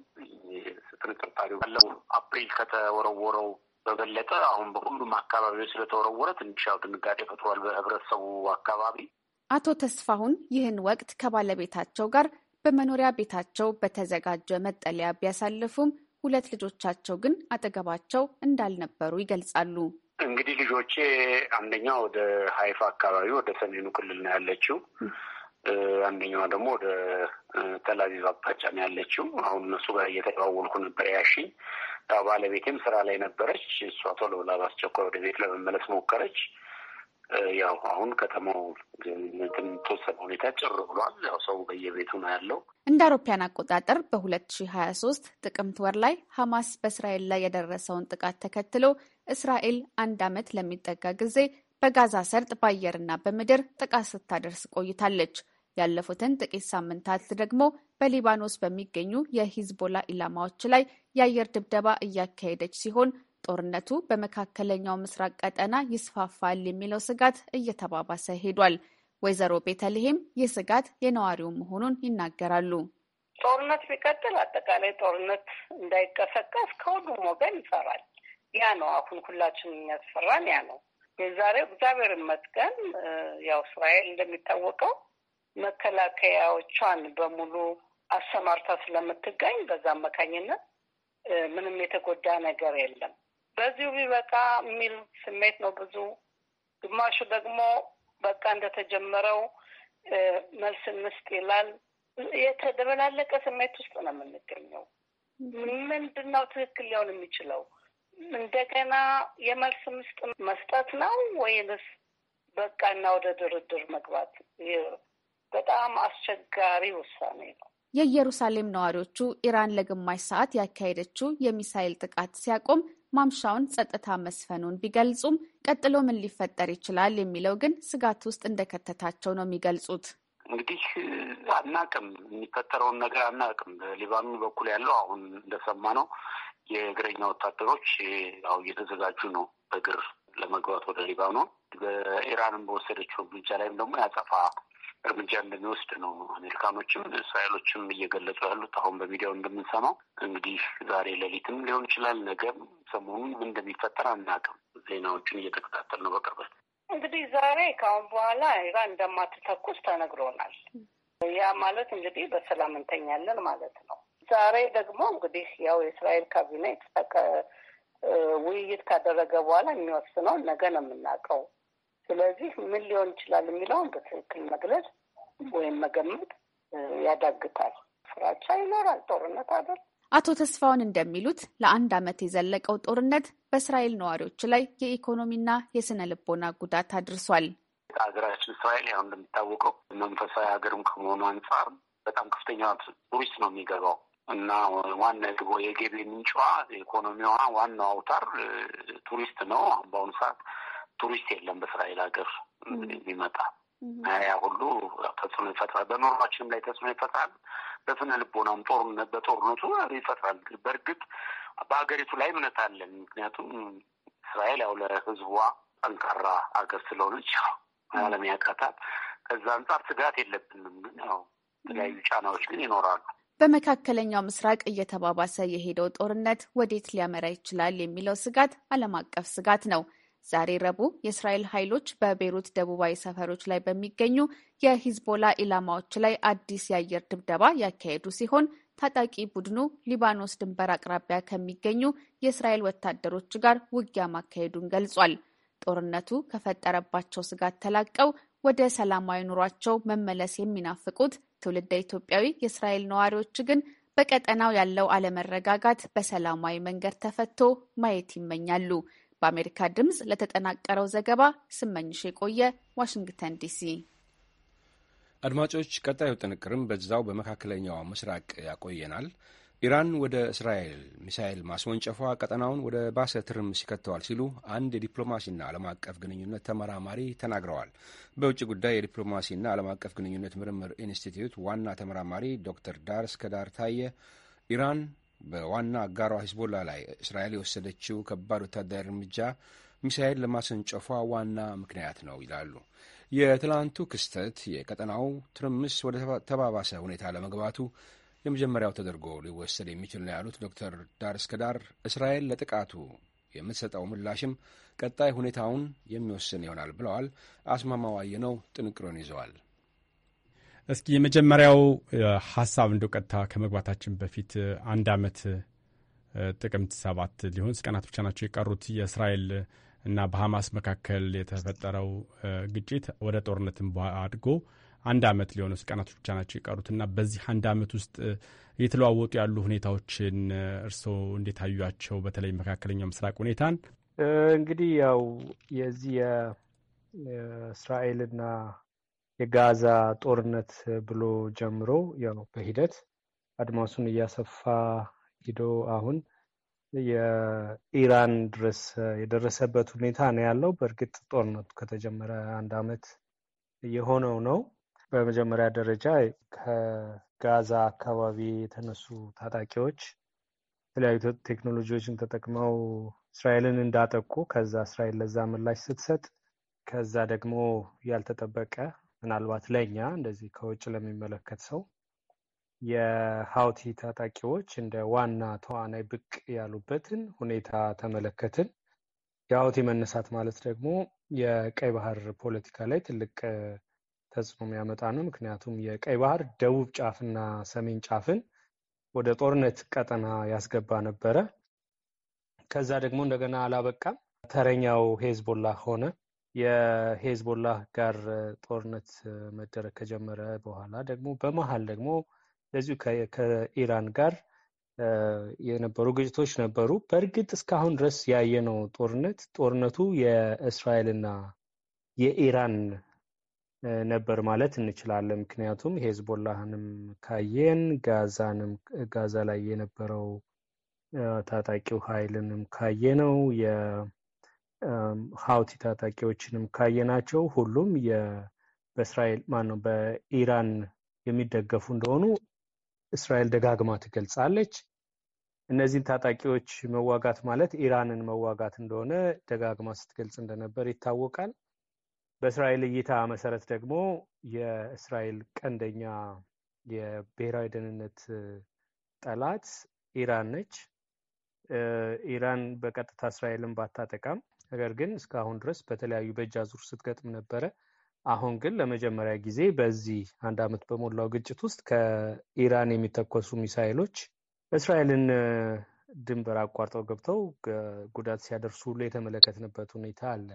ጥንቅርታሪ ባለው አፕሪል ከተወረወረው በበለጠ አሁን በሁሉም አካባቢዎች ስለተወረወረ ትንሽ ያው ድንጋጤ ፈጥሯል በህብረተሰቡ አካባቢ። አቶ ተስፋሁን ይህን ወቅት ከባለቤታቸው ጋር በመኖሪያ ቤታቸው በተዘጋጀ መጠለያ ቢያሳልፉም ሁለት ልጆቻቸው ግን አጠገባቸው እንዳልነበሩ ይገልጻሉ። እንግዲህ ልጆቼ አንደኛ ወደ ሀይፋ አካባቢ ወደ ሰሜኑ ክልል ነው ያለችው። አንደኛዋ ደግሞ ወደ ተላቪቭ አቅጣጫ ነው ያለችው። አሁን እነሱ ጋር እየተደዋወልኩ ነበር ያሽኝ። ያው ባለቤቴም ስራ ላይ ነበረች። እሷ ቶሎ ብላ በአስቸኳይ ወደ ቤት ለመመለስ ሞከረች። ያው አሁን ከተማው የተወሰነ ሁኔታ ጭር ብሏል። ያው ሰው በየቤቱ ነው ያለው። እንደ አውሮፓያን አቆጣጠር በ2023 ጥቅምት ወር ላይ ሐማስ በእስራኤል ላይ የደረሰውን ጥቃት ተከትሎ እስራኤል አንድ ዓመት ለሚጠጋ ጊዜ በጋዛ ሰርጥ በአየርና በምድር ጥቃት ስታደርስ ቆይታለች። ያለፉትን ጥቂት ሳምንታት ደግሞ በሊባኖስ በሚገኙ የሂዝቦላ ኢላማዎች ላይ የአየር ድብደባ እያካሄደች ሲሆን ጦርነቱ በመካከለኛው ምስራቅ ቀጠና ይስፋፋል የሚለው ስጋት እየተባባሰ ሄዷል። ወይዘሮ ቤተልሔም ይህ ስጋት የነዋሪው መሆኑን ይናገራሉ። ጦርነት ቢቀጥል አጠቃላይ ጦርነት እንዳይቀሰቀስ ከሁሉም ወገን ይሰራል። ያ ነው አሁን ሁላችንም የሚያስፈራን ያ ነው። የዛሬው እግዚአብሔር ይመስገን ያው እስራኤል እንደሚታወቀው መከላከያዎቿን በሙሉ አሰማርታ ስለምትገኝ በዛ አማካኝነት ምንም የተጎዳ ነገር የለም። በዚሁ ቢበቃ የሚል ስሜት ነው ብዙ። ግማሹ ደግሞ በቃ እንደተጀመረው መልስ ምስጥ ይላል። የተደበላለቀ ስሜት ውስጥ ነው የምንገኘው። ምንድን ነው ትክክል ሊሆን የሚችለው? እንደገና የመልስ ምስጥ መስጠት ነው ወይንስ በቃና ወደ ድርድር መግባት? በጣም አስቸጋሪ ውሳኔ ነው። የኢየሩሳሌም ነዋሪዎቹ ኢራን ለግማሽ ሰዓት ያካሄደችው የሚሳይል ጥቃት ሲያቆም ማምሻውን ጸጥታ መስፈኑን ቢገልጹም ቀጥሎ ምን ሊፈጠር ይችላል የሚለው ግን ስጋት ውስጥ እንደከተታቸው ነው የሚገልጹት። እንግዲህ አናቅም፣ የሚፈጠረውን ነገር አናቅም። በሊባኖን በኩል ያለው አሁን እንደሰማ ነው የእግረኛ ወታደሮች ያው እየተዘጋጁ ነው በእግር ለመግባት ወደ ሊባኖን። በኢራንም በወሰደችው እርምጃ ላይም ደግሞ ያጸፋ እርምጃ እንደሚወስድ ነው አሜሪካኖችም እስራኤሎችም እየገለጹ ያሉት። አሁን በሚዲያው እንደምንሰማው እንግዲህ ዛሬ ሌሊትም ሊሆን ይችላል፣ ነገ ሰሞኑን ምን እንደሚፈጠር አናውቅም። ዜናዎችን እየተከታተል ነው በቅርበት። እንግዲህ ዛሬ ከአሁን በኋላ ኢራን እንደማትተኩስ ተነግሮናል። ያ ማለት እንግዲህ በሰላም እንተኛለን ማለት ነው። ዛሬ ደግሞ እንግዲህ ያው የእስራኤል ካቢኔት ውይይት ካደረገ በኋላ የሚወስነው ነገ ነው የምናውቀው። ስለዚህ ምን ሊሆን ይችላል የሚለውን በትክክል መግለጽ ወይም መገመት ያዳግታል። ፍራቻ ይኖራል። ጦርነት አይደል? አቶ ተስፋውን እንደሚሉት ለአንድ ዓመት የዘለቀው ጦርነት በእስራኤል ነዋሪዎች ላይ የኢኮኖሚና የስነ ልቦና ጉዳት አድርሷል። ሀገራችን እስራኤል ያው እንደሚታወቀው መንፈሳዊ ሀገርም ከመሆኑ አንጻር በጣም ከፍተኛ ቱሪስት ነው የሚገባው እና ዋና ግቦ የገቢ ምንጯ ኢኮኖሚዋ ዋናው አውታር ቱሪስት ነው። በአሁኑ ሰዓት ቱሪስት የለም በእስራኤል ሀገር የሚመጣ ያ ሁሉ ተጽዕኖ ይፈጥራል። በኑሯችንም ላይ ተጽዕኖ ይፈጥራል። በስነ ልቦናም ጦርነት በጦርነቱ ይፈጥራል። በእርግጥ በሀገሪቱ ላይ እምነት አለን። ምክንያቱም እስራኤል ያው ለህዝቧ ጠንካራ ሀገር ስለሆነች ዓለም ያውቃታል። ከዛ አንጻር ስጋት የለብንም። ግን ያው የተለያዩ ጫናዎች ግን ይኖራሉ። በመካከለኛው ምስራቅ እየተባባሰ የሄደው ጦርነት ወዴት ሊያመራ ይችላል የሚለው ስጋት ዓለም አቀፍ ስጋት ነው። ዛሬ ረቡዕ የእስራኤል ኃይሎች በቤይሩት ደቡባዊ ሰፈሮች ላይ በሚገኙ የሂዝቦላ ኢላማዎች ላይ አዲስ የአየር ድብደባ ያካሄዱ ሲሆን ታጣቂ ቡድኑ ሊባኖስ ድንበር አቅራቢያ ከሚገኙ የእስራኤል ወታደሮች ጋር ውጊያ ማካሄዱን ገልጿል። ጦርነቱ ከፈጠረባቸው ስጋት ተላቀው ወደ ሰላማዊ ኑሯቸው መመለስ የሚናፍቁት ትውልደ ኢትዮጵያዊ የእስራኤል ነዋሪዎች ግን በቀጠናው ያለው አለመረጋጋት በሰላማዊ መንገድ ተፈቶ ማየት ይመኛሉ። በአሜሪካ ድምፅ ለተጠናቀረው ዘገባ ስመኝሽ የቆየ ዋሽንግተን ዲሲ። አድማጮች፣ ቀጣዩ ጥንቅርም በዛው በመካከለኛው ምስራቅ ያቆየናል። ኢራን ወደ እስራኤል ሚሳኤል ማስወንጨፏ ቀጠናውን ወደ ባሰ ትርምስ ይከተዋል ሲሉ አንድ የዲፕሎማሲና ዓለም አቀፍ ግንኙነት ተመራማሪ ተናግረዋል። በውጭ ጉዳይ የዲፕሎማሲና ዓለም አቀፍ ግንኙነት ምርምር ኢንስቲትዩት ዋና ተመራማሪ ዶክተር ዳርስ ከዳር ታየ ኢራን በዋና አጋሯ ሂዝቦላ ላይ እስራኤል የወሰደችው ከባድ ወታደራዊ እርምጃ ሚሳኤል ለማሰንጨፏ ዋና ምክንያት ነው ይላሉ። የትላንቱ ክስተት የቀጠናው ትርምስ ወደ ተባባሰ ሁኔታ ለመግባቱ የመጀመሪያው ተደርጎ ሊወሰድ የሚችል ነው ያሉት ዶክተር ዳር እስከዳር እስራኤል ለጥቃቱ የምትሰጠው ምላሽም ቀጣይ ሁኔታውን የሚወስን ይሆናል ብለዋል። አስማማው አየነው ጥንቅሮን ይዘዋል። እስኪ የመጀመሪያው ሀሳብ እንደው ቀጥታ ከመግባታችን በፊት አንድ አመት ጥቅምት ሰባት ሊሆን ቀናት ብቻ ናቸው የቀሩት የእስራኤል እና በሐማስ መካከል የተፈጠረው ግጭት ወደ ጦርነትም አድጎ አንድ አመት ሊሆን ቀናት ብቻ ናቸው የቀሩት እና በዚህ አንድ አመት ውስጥ እየተለዋወጡ ያሉ ሁኔታዎችን እርስዎ እንዴት አዩቸው? በተለይ መካከለኛው ምስራቅ ሁኔታን እንግዲህ ያው የዚህ የእስራኤልና የጋዛ ጦርነት ብሎ ጀምሮ ያው በሂደት አድማሱን እያሰፋ ሂዶ አሁን የኢራን ድረስ የደረሰበት ሁኔታ ነው ያለው። በእርግጥ ጦርነቱ ከተጀመረ አንድ አመት የሆነው ነው። በመጀመሪያ ደረጃ ከጋዛ አካባቢ የተነሱ ታጣቂዎች የተለያዩ ቴክኖሎጂዎችን ተጠቅመው እስራኤልን እንዳጠቁ፣ ከዛ እስራኤል ለዛ ምላሽ ስትሰጥ፣ ከዛ ደግሞ ያልተጠበቀ ምናልባት ለእኛ እንደዚህ ከውጭ ለሚመለከት ሰው የሀውቲ ታጣቂዎች እንደ ዋና ተዋናይ ብቅ ያሉበትን ሁኔታ ተመለከትን። የሀውቲ መነሳት ማለት ደግሞ የቀይ ባህር ፖለቲካ ላይ ትልቅ ተጽዕኖ የሚያመጣ ነው። ምክንያቱም የቀይ ባህር ደቡብ ጫፍና ሰሜን ጫፍን ወደ ጦርነት ቀጠና ያስገባ ነበረ። ከዛ ደግሞ እንደገና አላበቃም። ተረኛው ሄዝቦላ ሆነ። የሄዝቦላህ ጋር ጦርነት መደረግ ከጀመረ በኋላ ደግሞ በመሀል ደግሞ እንደዚሁ ከኢራን ጋር የነበሩ ግጭቶች ነበሩ። በእርግጥ እስካሁን ድረስ ያየነው ጦርነት ጦርነቱ የእስራኤልና የኢራን ነበር ማለት እንችላለን። ምክንያቱም ሄዝቦላህንም ካየን ጋዛንም ጋዛ ላይ የነበረው ታጣቂው ኃይልንም ካየነው ሀውቲ ታጣቂዎችንም ካየናቸው ሁሉም በእስራኤል ማነው በኢራን የሚደገፉ እንደሆኑ እስራኤል ደጋግማ ትገልጻለች። እነዚህን ታጣቂዎች መዋጋት ማለት ኢራንን መዋጋት እንደሆነ ደጋግማ ስትገልጽ እንደነበር ይታወቃል። በእስራኤል እይታ መሰረት ደግሞ የእስራኤል ቀንደኛ የብሔራዊ ደህንነት ጠላት ኢራን ነች። ኢራን በቀጥታ እስራኤልን ባታጠቃም ነገር ግን እስካሁን ድረስ በተለያዩ በእጅ አዙር ስትገጥም ነበረ። አሁን ግን ለመጀመሪያ ጊዜ በዚህ አንድ ዓመት በሞላው ግጭት ውስጥ ከኢራን የሚተኮሱ ሚሳይሎች እስራኤልን ድንበር አቋርጠው ገብተው ጉዳት ሲያደርሱ ሁሉ የተመለከትንበት ሁኔታ አለ።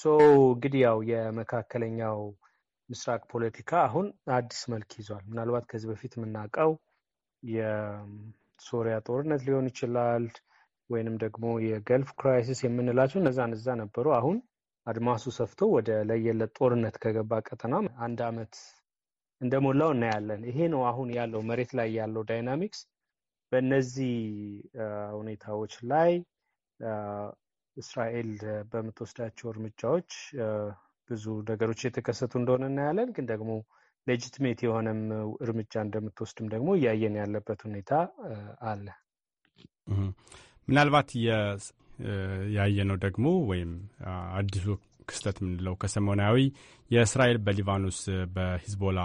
ሶ እንግዲህ ያው የመካከለኛው ምስራቅ ፖለቲካ አሁን አዲስ መልክ ይዟል። ምናልባት ከዚህ በፊት የምናውቀው የሶሪያ ጦርነት ሊሆን ይችላል ወይንም ደግሞ የገልፍ ክራይሲስ የምንላቸው እነዛ እነዛ ነበሩ። አሁን አድማሱ ሰፍቶ ወደ ለየለት ጦርነት ከገባ ቀጠና አንድ አመት እንደሞላው እናያለን። ይሄ ነው አሁን ያለው መሬት ላይ ያለው ዳይናሚክስ። በእነዚህ ሁኔታዎች ላይ እስራኤል በምትወስዳቸው እርምጃዎች ብዙ ነገሮች የተከሰቱ እንደሆነ እናያለን። ግን ደግሞ ሌጅትሜት የሆነም እርምጃ እንደምትወስድም ደግሞ እያየን ያለበት ሁኔታ አለ። ምናልባት ያየነው ደግሞ ወይም አዲሱ ክስተት የምንለው ከሰሞናዊ የእስራኤል በሊባኖስ በሂዝቦላ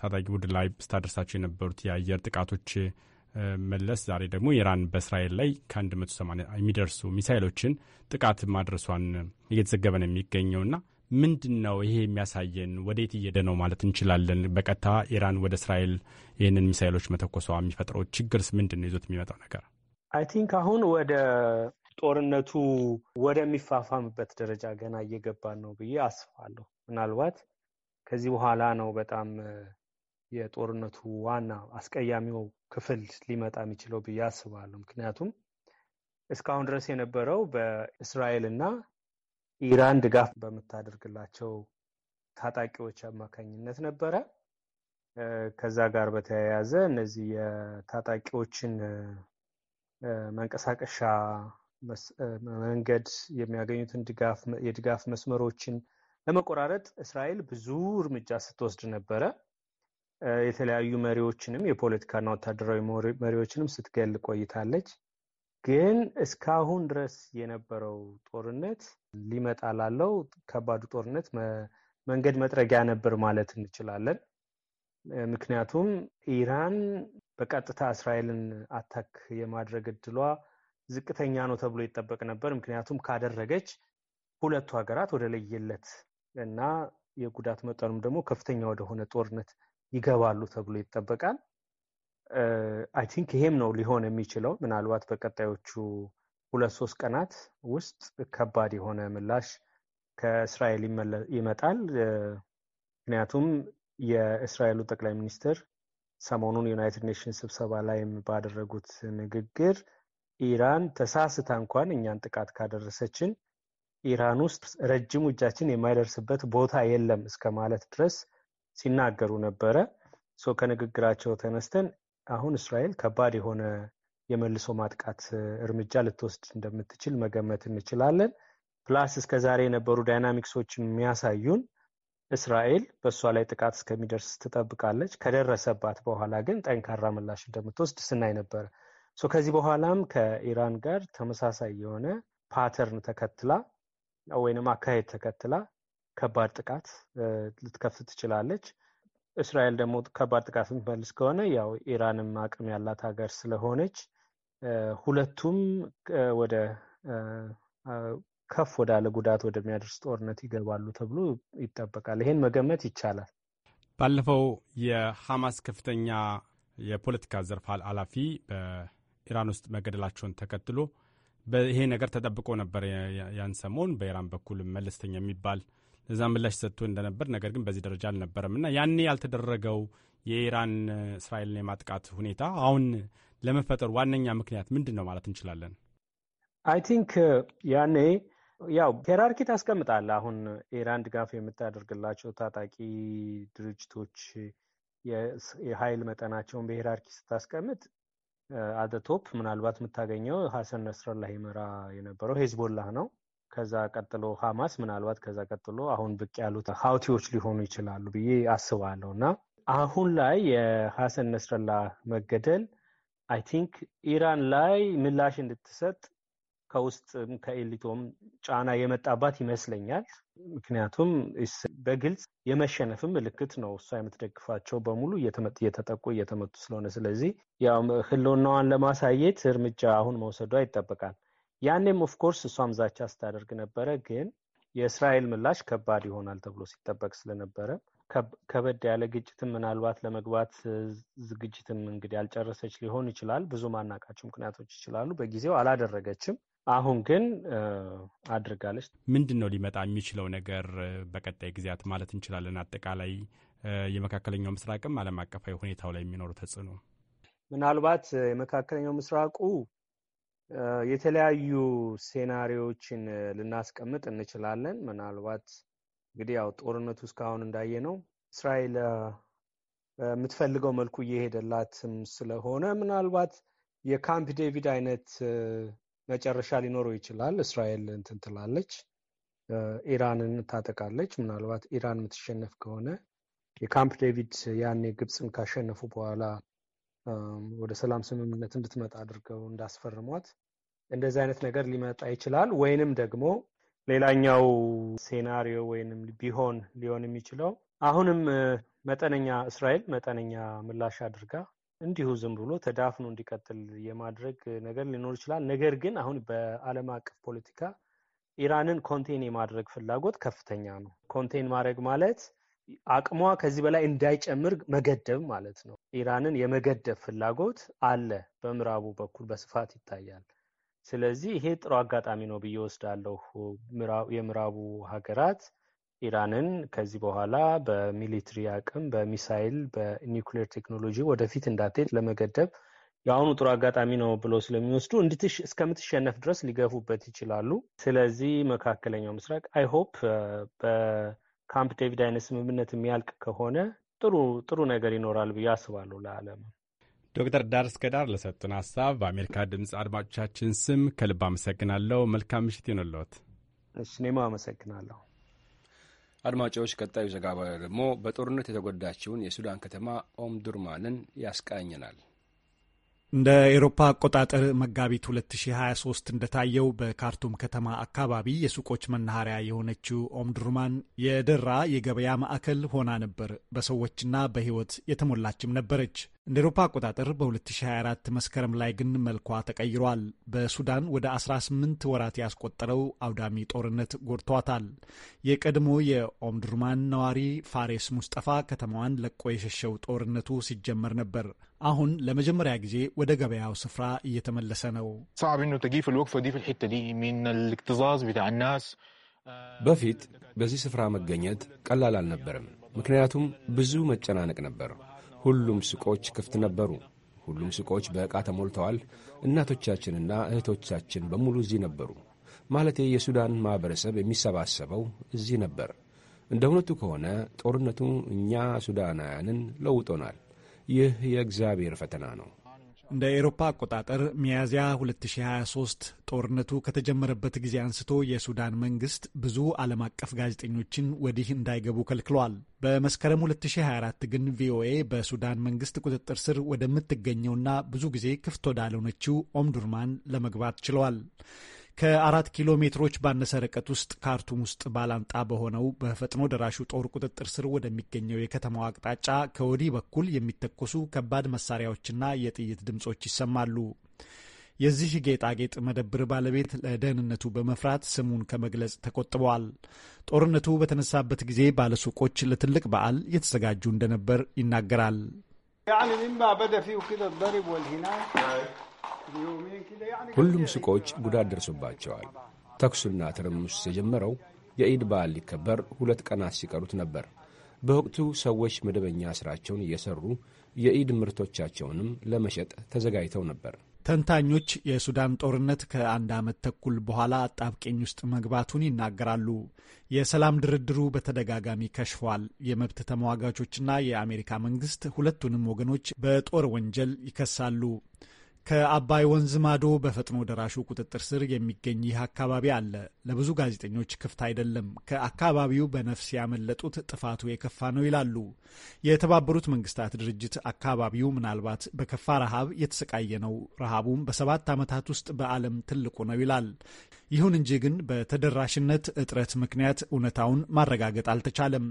ታጣቂ ቡድን ላይ ስታደርሳቸው የነበሩት የአየር ጥቃቶች መለስ ዛሬ ደግሞ ኢራን በእስራኤል ላይ ከ180 የሚደርሱ ሚሳይሎችን ጥቃት ማድረሷን እየተዘገበ ነው የሚገኘውና ምንድን ነው ይሄ የሚያሳየን? ወዴት እየሄደ ነው ማለት እንችላለን? በቀጥታ ኢራን ወደ እስራኤል ይህንን ሚሳይሎች መተኮሷ የሚፈጥረው ችግርስ ምንድን ነው? ይዞት የሚመጣው ነገር አይ ቲንክ አሁን ወደ ጦርነቱ ወደሚፋፋምበት ደረጃ ገና እየገባን ነው ብዬ አስፋለሁ። ምናልባት ከዚህ በኋላ ነው በጣም የጦርነቱ ዋና አስቀያሚው ክፍል ሊመጣ የሚችለው ብዬ አስባለሁ። ምክንያቱም እስካሁን ድረስ የነበረው በእስራኤል እና ኢራን ድጋፍ በምታደርግላቸው ታጣቂዎች አማካኝነት ነበረ። ከዛ ጋር በተያያዘ እነዚህ የታጣቂዎችን መንቀሳቀሻ መንገድ የሚያገኙትን የድጋፍ መስመሮችን ለመቆራረጥ እስራኤል ብዙ እርምጃ ስትወስድ ነበረ። የተለያዩ መሪዎችንም የፖለቲካና ወታደራዊ መሪዎችንም ስትገል ቆይታለች። ግን እስካሁን ድረስ የነበረው ጦርነት ሊመጣ ላለው ከባዱ ጦርነት መንገድ መጥረጊያ ነበር ማለት እንችላለን። ምክንያቱም ኢራን በቀጥታ እስራኤልን አታክ የማድረግ እድሏ ዝቅተኛ ነው ተብሎ ይጠበቅ ነበር። ምክንያቱም ካደረገች ሁለቱ ሀገራት ወደ ለየለት እና የጉዳት መጠኑም ደግሞ ከፍተኛ ወደሆነ ጦርነት ይገባሉ ተብሎ ይጠበቃል። አይ ቲንክ ይሄም ነው ሊሆን የሚችለው። ምናልባት በቀጣዮቹ ሁለት ሶስት ቀናት ውስጥ ከባድ የሆነ ምላሽ ከእስራኤል ይመጣል። ምክንያቱም የእስራኤሉ ጠቅላይ ሚኒስትር ሰሞኑን ዩናይትድ ኔሽንስ ስብሰባ ላይም ባደረጉት ንግግር ኢራን ተሳስታ እንኳን እኛን ጥቃት ካደረሰችን ኢራን ውስጥ ረጅም እጃችን የማይደርስበት ቦታ የለም እስከ ማለት ድረስ ሲናገሩ ነበረ። ከንግግራቸው ተነስተን አሁን እስራኤል ከባድ የሆነ የመልሶ ማጥቃት እርምጃ ልትወስድ እንደምትችል መገመት እንችላለን። ፕላስ እስከ ዛሬ የነበሩ ዳይናሚክሶች የሚያሳዩን እስራኤል በእሷ ላይ ጥቃት እስከሚደርስ ትጠብቃለች። ከደረሰባት በኋላ ግን ጠንካራ ምላሽ እንደምትወስድ ስናይ ነበረ። ከዚህ በኋላም ከኢራን ጋር ተመሳሳይ የሆነ ፓተርን ተከትላ ወይንም አካሄድ ተከትላ ከባድ ጥቃት ልትከፍት ትችላለች። እስራኤል ደግሞ ከባድ ጥቃት የምትመልስ ከሆነ ያው ኢራንም አቅም ያላት ሀገር ስለሆነች ሁለቱም ወደ ከፍ ወዳለ ጉዳት ወደሚያደርስ ጦርነት ይገባሉ ተብሎ ይጠበቃል። ይሄን መገመት ይቻላል። ባለፈው የሐማስ ከፍተኛ የፖለቲካ ዘርፍ ኃላፊ በኢራን ውስጥ መገደላቸውን ተከትሎ ይሄ ነገር ተጠብቆ ነበር። ያን ሰሞን በኢራን በኩል መለስተኛ የሚባል ለዛ ምላሽ ሰጥቶ እንደነበር ነገር ግን በዚህ ደረጃ አልነበረም እና ያኔ ያልተደረገው የኢራን እስራኤልን የማጥቃት ሁኔታ አሁን ለመፈጠሩ ዋነኛ ምክንያት ምንድን ነው ማለት እንችላለን? አይ ቲንክ ያኔ ያው ሄራርኪ ታስቀምጣለ አሁን ኢራን ድጋፍ የምታደርግላቸው ታጣቂ ድርጅቶች የኃይል መጠናቸውን በሄራርኪ ስታስቀምጥ አደቶፕ ምናልባት የምታገኘው ሀሰን ነስረላ ይመራ የነበረው ሄዝቦላህ ነው። ከዛ ቀጥሎ ሀማስ ምናልባት ከዛ ቀጥሎ አሁን ብቅ ያሉት ሀውቲዎች ሊሆኑ ይችላሉ ብዬ አስባለሁ። እና አሁን ላይ የሀሰን ነስረላ መገደል አይ ቲንክ ኢራን ላይ ምላሽ እንድትሰጥ ከውስጥም ከኤሊቶም ጫና የመጣባት ይመስለኛል። ምክንያቱም በግልጽ የመሸነፍም ምልክት ነው። እሷ የምትደግፋቸው በሙሉ እየተጠቁ እየተመቱ ስለሆነ፣ ስለዚህ ያው ህልውናዋን ለማሳየት እርምጃ አሁን መውሰዷ ይጠበቃል። ያኔም ኦፍኮርስ እሷም ዛቻ ስታደርግ ነበረ፣ ግን የእስራኤል ምላሽ ከባድ ይሆናል ተብሎ ሲጠበቅ ስለነበረ ከበድ ያለ ግጭትም ምናልባት ለመግባት ዝግጅትም እንግዲህ ያልጨረሰች ሊሆን ይችላል። ብዙ ማናቃቸው ምክንያቶች ይችላሉ። በጊዜው አላደረገችም። አሁን ግን አድርጋለች። ምንድን ነው ሊመጣ የሚችለው ነገር በቀጣይ ጊዜያት ማለት እንችላለን? አጠቃላይ የመካከለኛው ምስራቅም ዓለም አቀፋዊ ሁኔታው ላይ የሚኖሩ ተጽዕኖ ምናልባት የመካከለኛው ምስራቁ የተለያዩ ሴናሪዎችን ልናስቀምጥ እንችላለን። ምናልባት እንግዲህ ያው ጦርነቱ እስካሁን እንዳየ ነው እስራኤል በምትፈልገው መልኩ እየሄደላትም ስለሆነ ምናልባት የካምፕ ዴቪድ አይነት መጨረሻ ሊኖረው ይችላል። እስራኤል እንትን ትላለች፣ ኢራንን ታጠቃለች። ምናልባት ኢራን የምትሸነፍ ከሆነ የካምፕ ዴቪድ ያኔ ግብፅን ካሸነፉ በኋላ ወደ ሰላም ስምምነት እንድትመጣ አድርገው እንዳስፈርሟት እንደዚህ አይነት ነገር ሊመጣ ይችላል። ወይንም ደግሞ ሌላኛው ሴናሪዮ ወይንም ቢሆን ሊሆን የሚችለው አሁንም መጠነኛ እስራኤል መጠነኛ ምላሽ አድርጋ እንዲሁ ዝም ብሎ ተዳፍኖ እንዲቀጥል የማድረግ ነገር ሊኖር ይችላል። ነገር ግን አሁን በዓለም አቀፍ ፖለቲካ ኢራንን ኮንቴን የማድረግ ፍላጎት ከፍተኛ ነው። ኮንቴን ማድረግ ማለት አቅሟ ከዚህ በላይ እንዳይጨምር መገደብ ማለት ነው። ኢራንን የመገደብ ፍላጎት አለ፣ በምዕራቡ በኩል በስፋት ይታያል። ስለዚህ ይሄ ጥሩ አጋጣሚ ነው ብዬ ወስዳለሁ። የምዕራቡ ሀገራት ኢራንን ከዚህ በኋላ በሚሊትሪ አቅም፣ በሚሳይል፣ በኒውክሌር ቴክኖሎጂ ወደፊት እንዳትሄድ ለመገደብ የአሁኑ ጥሩ አጋጣሚ ነው ብሎ ስለሚወስዱ እስከምትሸነፍ ድረስ ሊገፉበት ይችላሉ። ስለዚህ መካከለኛው ምስራቅ አይሆፕ በካምፕ ዴቪድ አይነት ስምምነት የሚያልቅ ከሆነ ጥሩ ጥሩ ነገር ይኖራል ብዬ አስባለሁ ለዓለም። ዶክተር ዳር እስከ ዳር ለሰጡን ሀሳብ በአሜሪካ ድምፅ አድማጮቻችን ስም ከልብ አመሰግናለሁ። መልካም ምሽት ይሁንልዎት። እኔም አመሰግናለሁ። አድማጮች፣ ቀጣዩ ዘገባ ደግሞ በጦርነት የተጎዳችውን የሱዳን ከተማ ኦምዱርማንን ያስቃኝናል። እንደ ኤሮፓ አቆጣጠር መጋቢት 2023 እንደታየው በካርቱም ከተማ አካባቢ የሱቆች መናኸሪያ የሆነችው ኦምድሩማን የደራ የገበያ ማዕከል ሆና ነበር። በሰዎችና በሕይወት የተሞላችም ነበረች። እንደ ኤሮፓ አቆጣጠር በ2024 መስከረም ላይ ግን መልኳ ተቀይሯል። በሱዳን ወደ 18 ወራት ያስቆጠረው አውዳሚ ጦርነት ጎድቷታል። የቀድሞ የኦምድርማን ነዋሪ ፋሬስ ሙስጠፋ ከተማዋን ለቆ የሸሸው ጦርነቱ ሲጀመር ነበር። አሁን ለመጀመሪያ ጊዜ ወደ ገበያው ስፍራ እየተመለሰ ነው። በፊት በዚህ ስፍራ መገኘት ቀላል አልነበርም። ምክንያቱም ብዙ መጨናነቅ ነበር። ሁሉም ሱቆች ክፍት ነበሩ። ሁሉም ሱቆች በዕቃ ተሞልተዋል። እናቶቻችንና እህቶቻችን በሙሉ እዚህ ነበሩ። ማለቴ የሱዳን ማኅበረሰብ የሚሰባሰበው እዚህ ነበር። እንደ እውነቱ ከሆነ ጦርነቱ እኛ ሱዳናውያንን ለውጦናል። ይህ የእግዚአብሔር ፈተና ነው። እንደ ኤሮፓ አቆጣጠር ሚያዝያ 2023 ጦርነቱ ከተጀመረበት ጊዜ አንስቶ የሱዳን መንግስት ብዙ ዓለም አቀፍ ጋዜጠኞችን ወዲህ እንዳይገቡ ከልክሏል። በመስከረም 2024 ግን ቪኦኤ በሱዳን መንግስት ቁጥጥር ስር ወደምትገኘውና ብዙ ጊዜ ክፍት ወዳልሆነችው ኦምዱርማን ለመግባት ችሏል። ከአራት ኪሎ ሜትሮች ባነሰ ርቀት ውስጥ ካርቱም ውስጥ ባላንጣ በሆነው በፈጥኖ ደራሹ ጦር ቁጥጥር ስር ወደሚገኘው የከተማው አቅጣጫ ከወዲህ በኩል የሚተኮሱ ከባድ መሳሪያዎችና የጥይት ድምጾች ይሰማሉ። የዚህ ጌጣጌጥ መደብር ባለቤት ለደህንነቱ በመፍራት ስሙን ከመግለጽ ተቆጥበዋል። ጦርነቱ በተነሳበት ጊዜ ባለሱቆች ለትልቅ በዓል እየተዘጋጁ እንደነበር ይናገራል። ሁሉም ሱቆች ጉዳት ደርሶባቸዋል። ተኩሱና ትርምሱ የጀመረው የኢድ በዓል ሊከበር ሁለት ቀናት ሲቀሩት ነበር። በወቅቱ ሰዎች መደበኛ ሥራቸውን እየሠሩ የኢድ ምርቶቻቸውንም ለመሸጥ ተዘጋጅተው ነበር። ተንታኞች የሱዳን ጦርነት ከአንድ ዓመት ተኩል በኋላ አጣብቂኝ ውስጥ መግባቱን ይናገራሉ። የሰላም ድርድሩ በተደጋጋሚ ከሽፏል። የመብት ተሟጋቾችና የአሜሪካ መንግስት ሁለቱንም ወገኖች በጦር ወንጀል ይከሳሉ። ከአባይ ወንዝ ማዶ በፈጥኖ ደራሹ ቁጥጥር ስር የሚገኝ ይህ አካባቢ አለ። ለብዙ ጋዜጠኞች ክፍት አይደለም። ከአካባቢው በነፍስ ያመለጡት ጥፋቱ የከፋ ነው ይላሉ። የተባበሩት መንግስታት ድርጅት አካባቢው ምናልባት በከፋ ረሃብ የተሰቃየ ነው፣ ረሃቡም በሰባት ዓመታት ውስጥ በዓለም ትልቁ ነው ይላል። ይሁን እንጂ ግን በተደራሽነት እጥረት ምክንያት እውነታውን ማረጋገጥ አልተቻለም።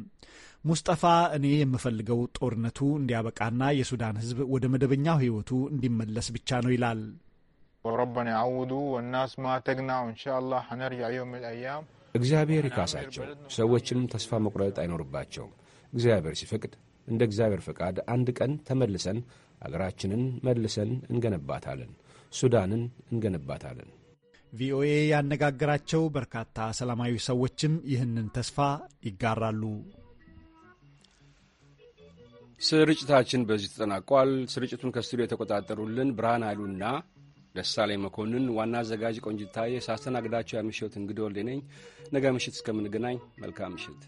ሙስጠፋ እኔ የምፈልገው ጦርነቱ እንዲያበቃና የሱዳን ህዝብ ወደ መደበኛው ህይወቱ እንዲመለስ ብቻ ነው ይላል። ወረበና ያውዱ ወናስ ማተግና እንሻላ ሐነርጃ የውም ልአያም እግዚአብሔር ይካሳቸው። ሰዎችም ተስፋ መቁረጥ አይኖርባቸውም። እግዚአብሔር ሲፈቅድ እንደ እግዚአብሔር ፈቃድ አንድ ቀን ተመልሰን አገራችንን መልሰን እንገነባታለን። ሱዳንን እንገነባታለን። ቪኦኤ ያነጋገራቸው በርካታ ሰላማዊ ሰዎችም ይህንን ተስፋ ይጋራሉ። ስርጭታችን በዚህ ተጠናቋል። ስርጭቱን ከስቱዲዮ የተቆጣጠሩልን ብርሃን ኃይሉና ደሳላይ መኮንን፣ ዋና አዘጋጅ ቆንጅታዬ፣ ሳስተናግዳቸው ያምሽት እንግዲ ወልዴ ነኝ። ነገ ምሽት እስከምንገናኝ መልካም ምሽት።